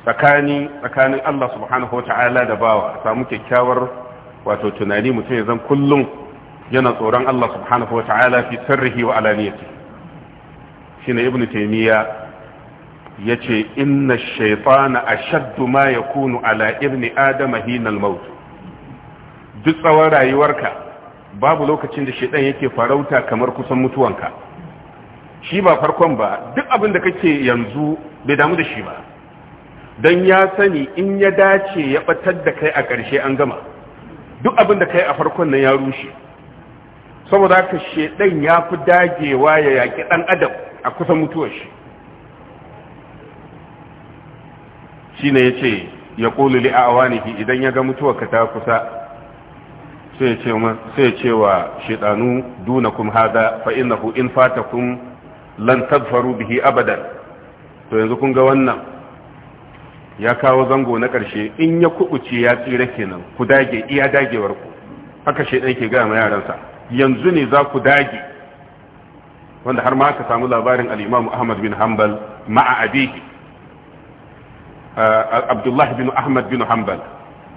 tsakani tsakanin Allah subhanahu wata'ala da bawa a samu kyakkyawar wato tunani mutum ya zan kullum yana tsoron Allah subhanahu wata'ala fi sirrihi wa alaniyati shine ibnu taymiya yace inna shaytana ashaddu ma yakunu ala ibni adama hinal maut duk tsawon rayuwarka babu lokacin da shaytan yake farauta kamar kusan mutuwanka shi ba farkon ba duk abin da kake yanzu bai damu da shi ba dan ya sani in ya dace ya batar da kai a ƙarshe an gama duk abin da kai a farkon nan ya rushe saboda ka shaytan ya fi dagewa ya yaƙi ɗan adam a kusan mutuwar shi Shi ne ya ce ya qulu li ki idan ya ga mutuwa ka ta kusa sai ce sai ce wa shaytanu dunakum hada fa innahu in fatakum lan tadfaru bihi abadan to yanzu kun ga wannan ya kawo zango na ƙarshe in ya kubuce ya tsira kenan ku dage iya dagewar ku haka shaidan ke ga ma yaransa yanzu ne za ku dage wanda har ma aka samu labarin al-Imam Ahmad bin hambal ma'a abihi abdullahi bin ahmad bin hanbal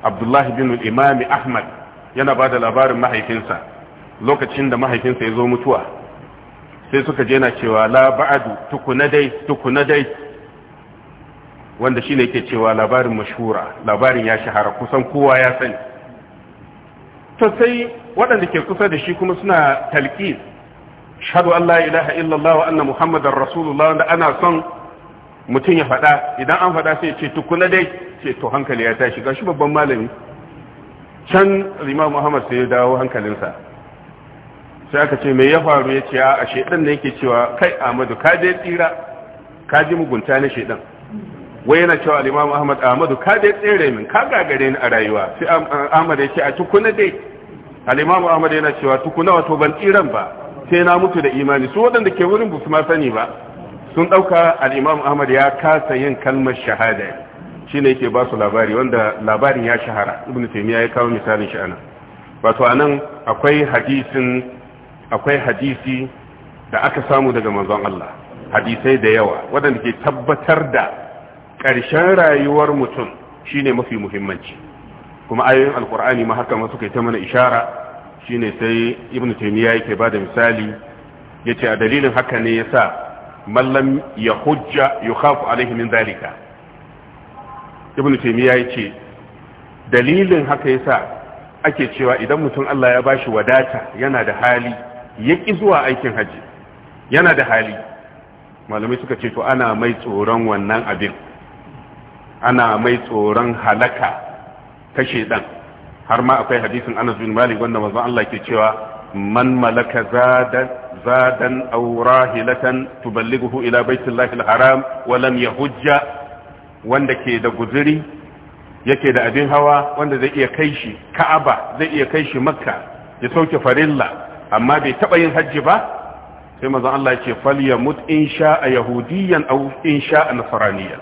abdullahi bin imami ahmad yana bada labarin mahaifinsa lokacin da mahaifinsa ya zo mutuwa sai suka je na cewa la ba'adu tukuna dai tukuna dai wanda shine yake cewa labarin mashura labarin ya shahara kusan kowa ya sani to sai waɗanda ke kusa da shi kuma suna talqis shahadu an la ilaha illallah wa anna muhammadar rasulullah wanda ana son mutum ya faɗa idan an faɗa sai ce tukuna dai ce to hankali ya tashi gashi babban malami can rima muhammad sai ya dawo hankalinsa sai aka ce mai ya faru ya ce a shaidan da yake cewa kai ahmadu ka je tsira ka ji mugunta na shaidan wai yana cewa limam Muhammad ahmadu ka je tsere min ka gagare ni a rayuwa sai ahmad ya ce a tukuna dai alima Muhammad yana cewa tukuna wato ban tsiran ba sai na mutu da imani su waɗanda ke wurin ba su ma sani ba sun ɗauka al'imam ahmad ya kasa yin kalmar shahada shi ne yake ba su labari wanda labarin ya shahara ibn taimiyya ya kawo misalin shi ana wato a nan akwai hadisi da aka samu daga manzon Allah hadisai da yawa waɗanda ke tabbatar da ƙarshen rayuwar mutum shi mafi muhimmanci kuma ayoyin alkur'ani ma haka masu kai ta mana ishara shi ne sai ibn taimiyya yake ba da misali yace a dalilin haka ne ya sa mallam ya hujja yukhafu alaihi min zalika ibnu taymiya yace dalilin haka yasa ake cewa idan mutum Allah ya bashi wadata yana da hali ya yaki zuwa aikin hajji, yana da hali malamai suka ce to ana mai tsoron wannan abin ana mai tsoron halaka kashe dan har ma akwai hadisin Anas bin Malik wanda manzon Allah ke cewa man malaka zadan zadan aw rahilatan tuballighuhu ila baitillahi alharam wa lam yahujja wanda ke da guzuri yake da abin hawa wanda zai iya kai shi ka'aba zai iya kai shi makka ya sauke farilla amma bai taba yin hajji ba sai manzon Allah ya ce falyamut in sha'a yahudiyan aw in sha'a nasraniyan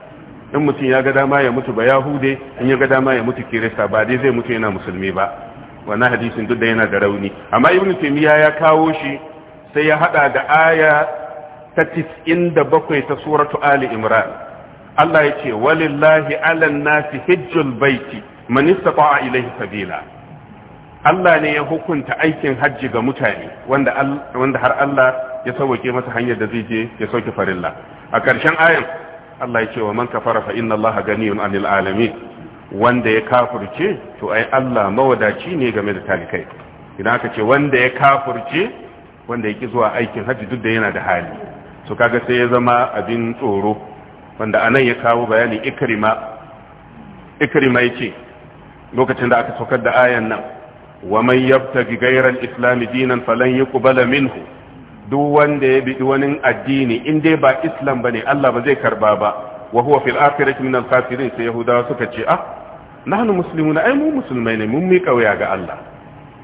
in mutum ya ga dama ya mutu ba yahude in ya ga dama ya mutu kirista ba dai zai mutu yana musulmi ba wannan hadisin duk da yana da rauni amma ibnu taymiya ya kawo shi sai ya hada da aya ta 97 ta suratu ali imran Allah ya ce walillahi alan nasi hijjul baiti man istata'a ilayhi sabila Allah ne ya hukunta aikin hajji ga mutane wanda wanda har Allah ya sauke masa hanyar da zai je ya sauke farilla a ƙarshen ayan Allah ya ce wa man kafara fa inna Allah ganiyun anil alamin wanda ya kafurce to ai Allah mawadaci ne game da talikai idan aka ce wanda ya kafurce wanda ya yake zuwa aikin hajji duk da yana da hali to kaga sai ya zama abin tsoro wanda anan ya kawo bayani ikrima ikrima ce. lokacin da aka saukar da ayan nan wa man yabtagi ghayra al-islam dinan falan yuqbala minhu duk wanda ya bi wani addini in dai ba islam ne, Allah ba zai karba ba wa huwa fil akhirati min al-kafirin sai yahudawa suka ce ah nahnu muslimuna ai mu musulmai ne mun miƙa wuya ga Allah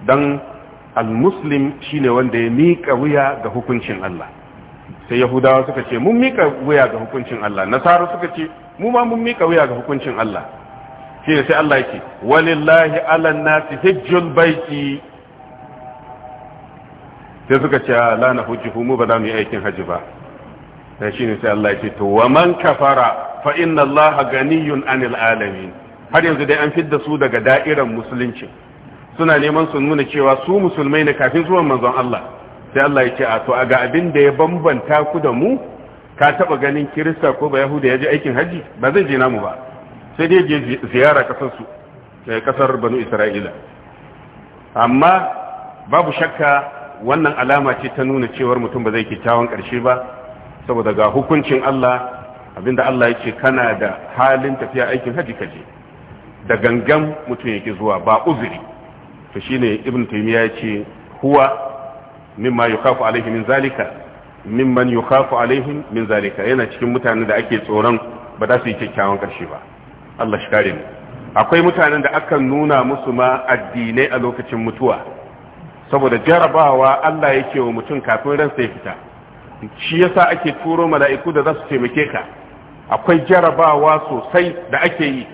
dan al-muslim shine wanda ya miƙa wuya ga hukuncin Allah sai yahudawa suka ce mun miƙa wuya ga hukuncin Allah nasara suka ce mu ma mun miƙa wuya ga hukuncin Allah shine sai Allah yake walillahi ala nasi hajjul baiti sai suka ce ah, la na hujju mu ba za mu yi aikin haji ba sai shine sai Allah yake to wa man kafara fa inna Allah ganiyun anil alamin har yanzu dai an fidda su daga da'irar musulunci suna neman su nuna cewa su musulmai ne kafin zuwan manzon Allah sai Allah ya ce a to ga abin da ya bambanta ku da mu ka taba ganin kirista ko ba yahuda ya je aikin haji ba zai je namu ba sai dai je ziyara kasar su kasar eh, banu isra'ila amma babu shakka wannan alama ce ta nuna cewar mutum ba zai kyakkyawan karshe ba saboda ga hukuncin Allah abinda Allah ya ce kana da halin tafiya aikin haji kaje da gangan mutum yake zuwa ba uzuri to shine ibn taymiya ya ce huwa mimma yukhafu alaihi min zalika mimman yukhafu alaihim min zalika yana cikin mutanen da ake tsoron ba za su yi kyakkyawan karshe ba Allah shi kare mu akwai mutanen da akan nuna musu ma addinai a lokacin mutuwa saboda jarabawa Allah yake wa mutum kafin ransa ya fita shi yasa ake turo mala'iku da za su taimake ka akwai jarabawa sosai da ake yi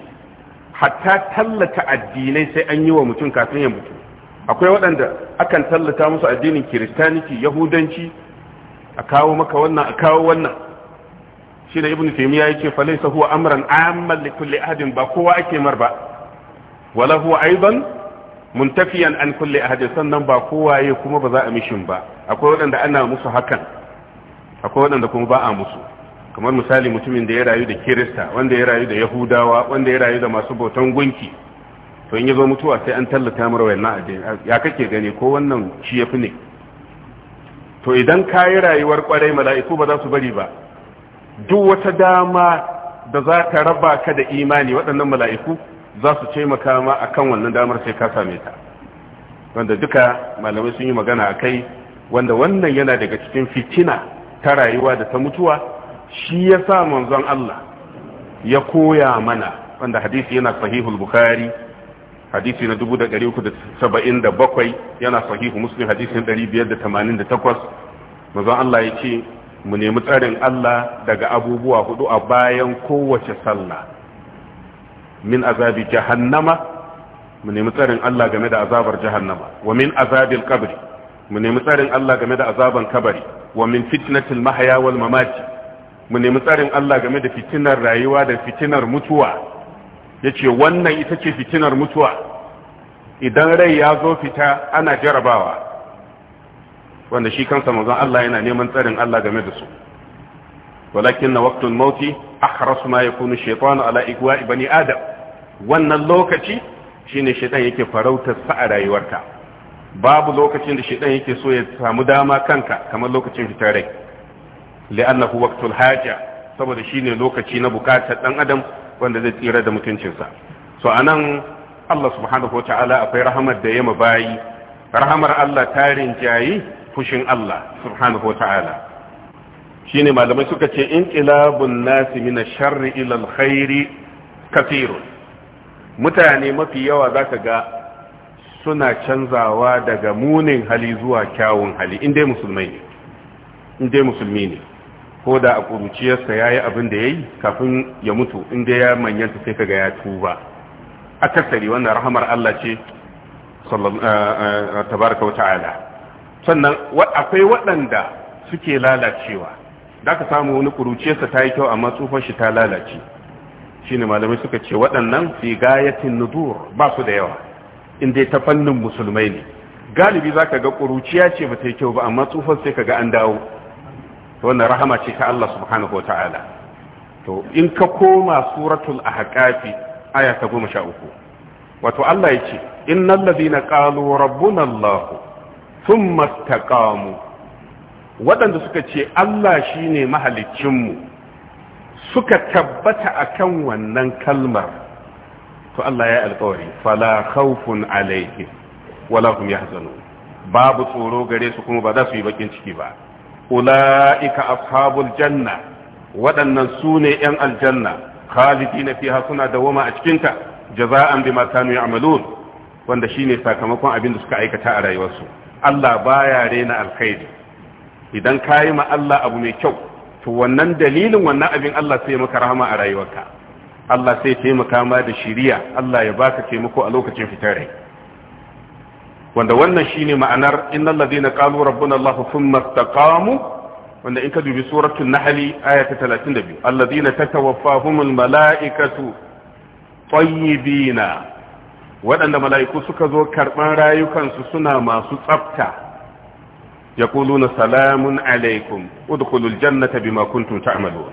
hatta tallata addinai sai an yi wa mutum kafin ya mutu akwai waɗanda akan tallata musu addinin kiristaniti yahudanci a kawo maka wannan a kawo wannan shi da ibn taymiya yace fa laysa huwa amran amman li kulli ahadin ba kowa ake mar ba wala huwa aidan muntafiyan an kulli ahadin sannan ba kowa ya kuma ba za a mishin ba akwai waɗanda ana musu hakan akwai waɗanda kuma ba a musu kamar misali mutumin da ya rayu da kirista wanda ya rayu da yahudawa wanda ya rayu da masu bautan gunki to in ya zo mutuwa sai an tallata mara wannan addini ya kake gani ko wannan shi yafi ne to idan ka yi rayuwar kwarai mala'iku ba za su bari ba duk wata dama da za ka raba ka da imani waɗannan mala'iku za su ce makama a kan wannan damar sai ka same ta wanda duka malamai sun yi magana a kai wanda wannan yana daga cikin fitina ta rayuwa da ta mutuwa shi ya sa manzon Allah ya koya mana wanda hadisi yana sahihul bukhari hadisi na 377 yana sahihu muslim hadisin 588 manzon Allah ya ce mu nemi tsarin Allah daga abubuwa hudu a bayan kowace sallah min azabi jahannama mu nemi tsarin Allah game da azabar jahannama wa min azabil qabri mu nemi tsarin Allah game da azaban kabari wa min fitnatil mahya wal mamati mu nemi tsarin Allah game da fitinar rayuwa da fitinar mutuwa ce wannan ita ce fitinar mutuwa idan rai ya zo fita ana jarabawa wanda shi kansa manzon Allah yana neman tsarin Allah game da su walakin na waqtul mauti akhras ma kunu shaytanu ala igwa'i bani adam wannan lokaci shine shaytan yake farauta sa a rayuwarka babu lokacin da shaidan yake so ya samu dama kanka kamar lokacin fitar rai li'annahu waqtul haja saboda shine lokaci na bukatar ɗan adam wanda zai tsira da mutuncinsa so anan Allah subhanahu wa ta'ala akwai rahamar da yama bayi rahamar Allah ta rinjayi fushin Allah subhanahu wa ta'ala shine malamai suka ce inqilabun nasi min ash-sharri ila al-khairi kathirun mutane mafi yawa zaka ga suna canzawa daga munin hali zuwa kyawun hali inda musulmai inda musulmi ne ko da a ƙuruciyarsa ya yi abin da ya yi kafin ya mutu inda ya manyanta sai kaga ya tuba tattari wannan rahamar Allah ce eh, eh, tabaraka wa ta'ala sannan akwai waɗanda suke lalacewa da ka samu wani ƙuruciyarsa ta yi kyau amma tsufan shi ta lalace shi ne malamai suka ce waɗannan fi gayatin nudur ba su da yawa inda ta fannin musulmai ne galibi za ka ga ƙuruciya ce ba ta yi kyau ba amma tsufan sai ka ga an dawo wannan rahama ce ta Allah subhanahu wa ta'ala to in ka koma suratul haƙafi aya ta uku, wato Allah yace innal ladina qalu rabbuna Allah sun mastaƙamu waɗanda suka ce Allah shine mahaliccinmu suka tabbata a kan wannan kalmar to Allah ya alƙawari fala khawfun alaihim wala hum yahzanun babu tsoro gare su kuma ba za su yi bakin ciki ba ula'ika ashabul janna waɗannan su ne ‘yan aljanna khalidi na fiha suna dawoma a cikinta jaza'an bi makanu ya'malun wanda shine sakamakon abin da suka aikata a rayuwarsu Allah baya rena alkhairi idan kayi ma Allah abu mai kyau to wannan dalilin wannan abin Allah sai maka rahama a rayuwarka Allah sai taimaka ma da shiriya Allah ya baka taimako a lokacin fitare wanda wannan shine ma'anar innal ladina qalu rabbuna allah thumma istaqamu wanda in ka dubi suratul nahl aya ta 32 alladina tatawaffahumul malaikatu tayyibina waɗanda mala'iku suka zo karɓar rayukansu suna masu tsafta yaquluna salamun alaikum udkhulul jannata bima kuntum ta'malun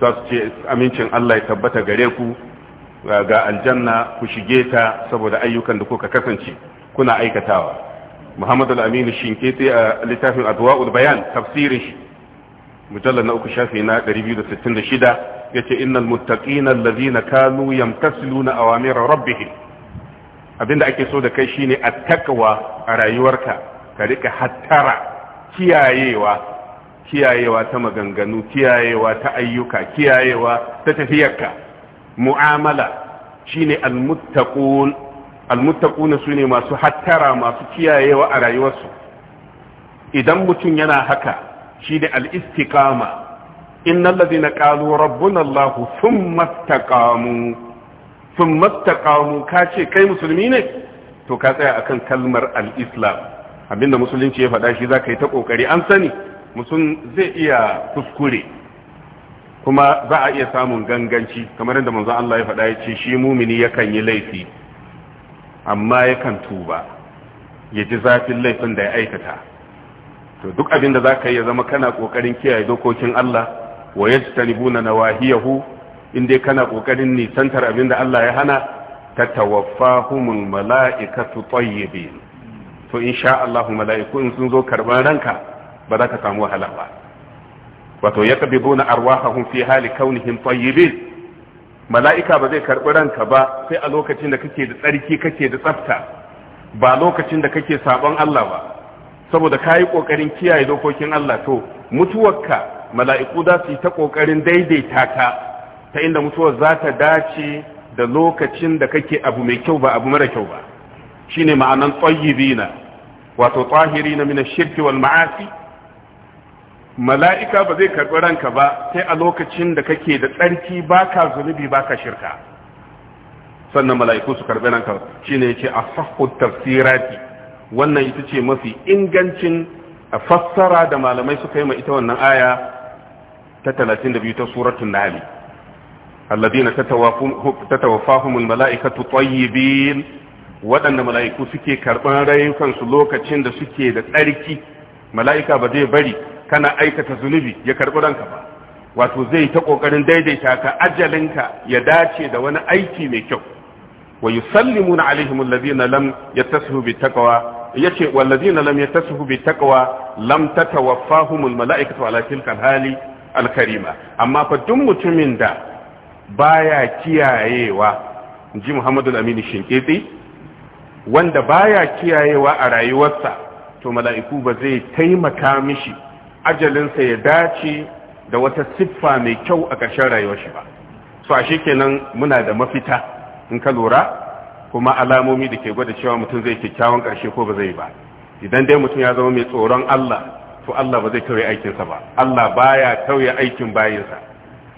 za su ce amincin Allah ya tabbata gare ku ga aljanna ku shige ta saboda ayyukan da kuka kasance kuna aikatawa muhammad al Shinkese a littafin adwa'ul bayan tafsirin shi mujallar na uku shafi na 266 yace innal muttaqina allazina kanu yamtasiluna awamira rabbihim abinda ake so da kai shine a takawa a rayuwarka ka rika hattara kiyayewa kiyayewa ta maganganu kiyayewa ta ayyuka kiyayewa ta tafiyarka mu'amala shine al-muttaqun almuttaquna sune masu hattara masu kiyayewa a rayuwarsu idan mutum yana haka shi da al-istiqama innal ladina qalu rabbuna allah thumma istaqamu thumma istaqamu ka kai musulmi ne to ka tsaya akan kalmar al-islam abinda musulunci ya faɗa shi zaka yi ta kokari an sani musun zai iya kuskure kuma za a iya samun ganganci kamar yadda manzo Allah ya faɗa ya ce shi mumini yakan yi laifi amma yakan tuba ya ji zafin laifin da ya aikata to duk abin da za ka yi ya zama kana ƙoƙarin kiyaye dokokin Allah wa ya ji na wahiyahu inda kana ƙoƙarin nisantar abin da Allah ya hana ta tawaffahumul mala'ikatu tayyibin to insha Allah mala'iku in sun zo karban ranka ba za ka samu wahala ba wato yakbiduna arwahahum fi hali kaunihim tayyibin mala'ika ba zai karɓi ranka ba sai a lokacin da kake da tsarki kake da tsafta ba lokacin da kake sabon Allah ba saboda ka yi ƙoƙarin kiyaye dokokin Allah to mutuwarka mala'iku za su yi ta ƙoƙarin daidaita ka ta inda mutuwar za ta dace da lokacin da kake abu mai kyau ba abu mara kyau ba shine ma'anan tsayyibina wato tsahirina min ash-shirki wal ma'asi mala'ika ba zai karɓi ranka ba sai a lokacin da kake da tsarki ba ka zunubi ka shirka sannan mala'iku su karɓi ranka ce a fahimtar tafsirati wannan ita ce mafi ingancin a fassara da malamai suka yi ma ita wannan aya ta 32 ta suratun ta nahl alladhina tatawaffahumul mala'ikatu tayyibin waɗanda mala'iku suke karɓar rayukansu lokacin da suke da tsarki mala'ika ba zai bari kana aikata zunubi ya karɓi ranka ba wato zai ta ƙoƙarin daidaita ka ajalinka ya dace da wani aiki mai kyau wa yusallimuna alaihim alladhina lam yattasifu bi taqwa yace walladhina lam yattasifu bi taqwa lam tatawaffahum almalaikatu ala tilka alhali alkarima amma fa duk mutumin da baya kiyayewa ji Muhammadu Aminu Shinkiti wanda baya kiyayewa a rayuwarsa to mala'iku ba zai taimaka mishi ajalinsa ya dace da wata siffa mai kyau a ƙarshen rayuwar shi ba so a kenan muna da mafita in ka lura kuma alamomi da ke gwada cewa mutum zai kyakkyawan ƙarshe ko ba zai ba idan dai mutum ya zama mai tsoron Allah to Allah ba zai tauye aikinsa ba Allah baya tauye aikin bayinsa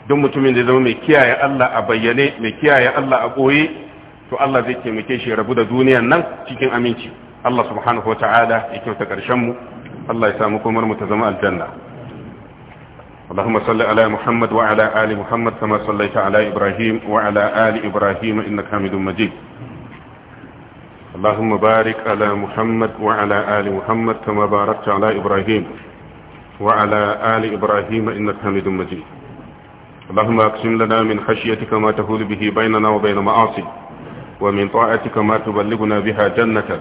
duk mutumin da zama mai kiyaye Allah a bayyane mai kiyaye Allah a koyi to Allah zai taimake shi rabu da duniyan nan cikin aminci Allah subhanahu wataala ya kyauta ƙarshen mu الله ya samu komar الجنة اللهم صل على محمد وعلى آل محمد كما صليت على إبراهيم وعلى آل إبراهيم إنك حميد مجيد اللهم بارك على محمد وعلى آل محمد كما باركت على إبراهيم وعلى آل إبراهيم إنك حميد مجيد اللهم أقسم لنا من خشيتك ما تهول به بيننا وبين معاصي ومن طاعتك ما تبلغنا بها جنتك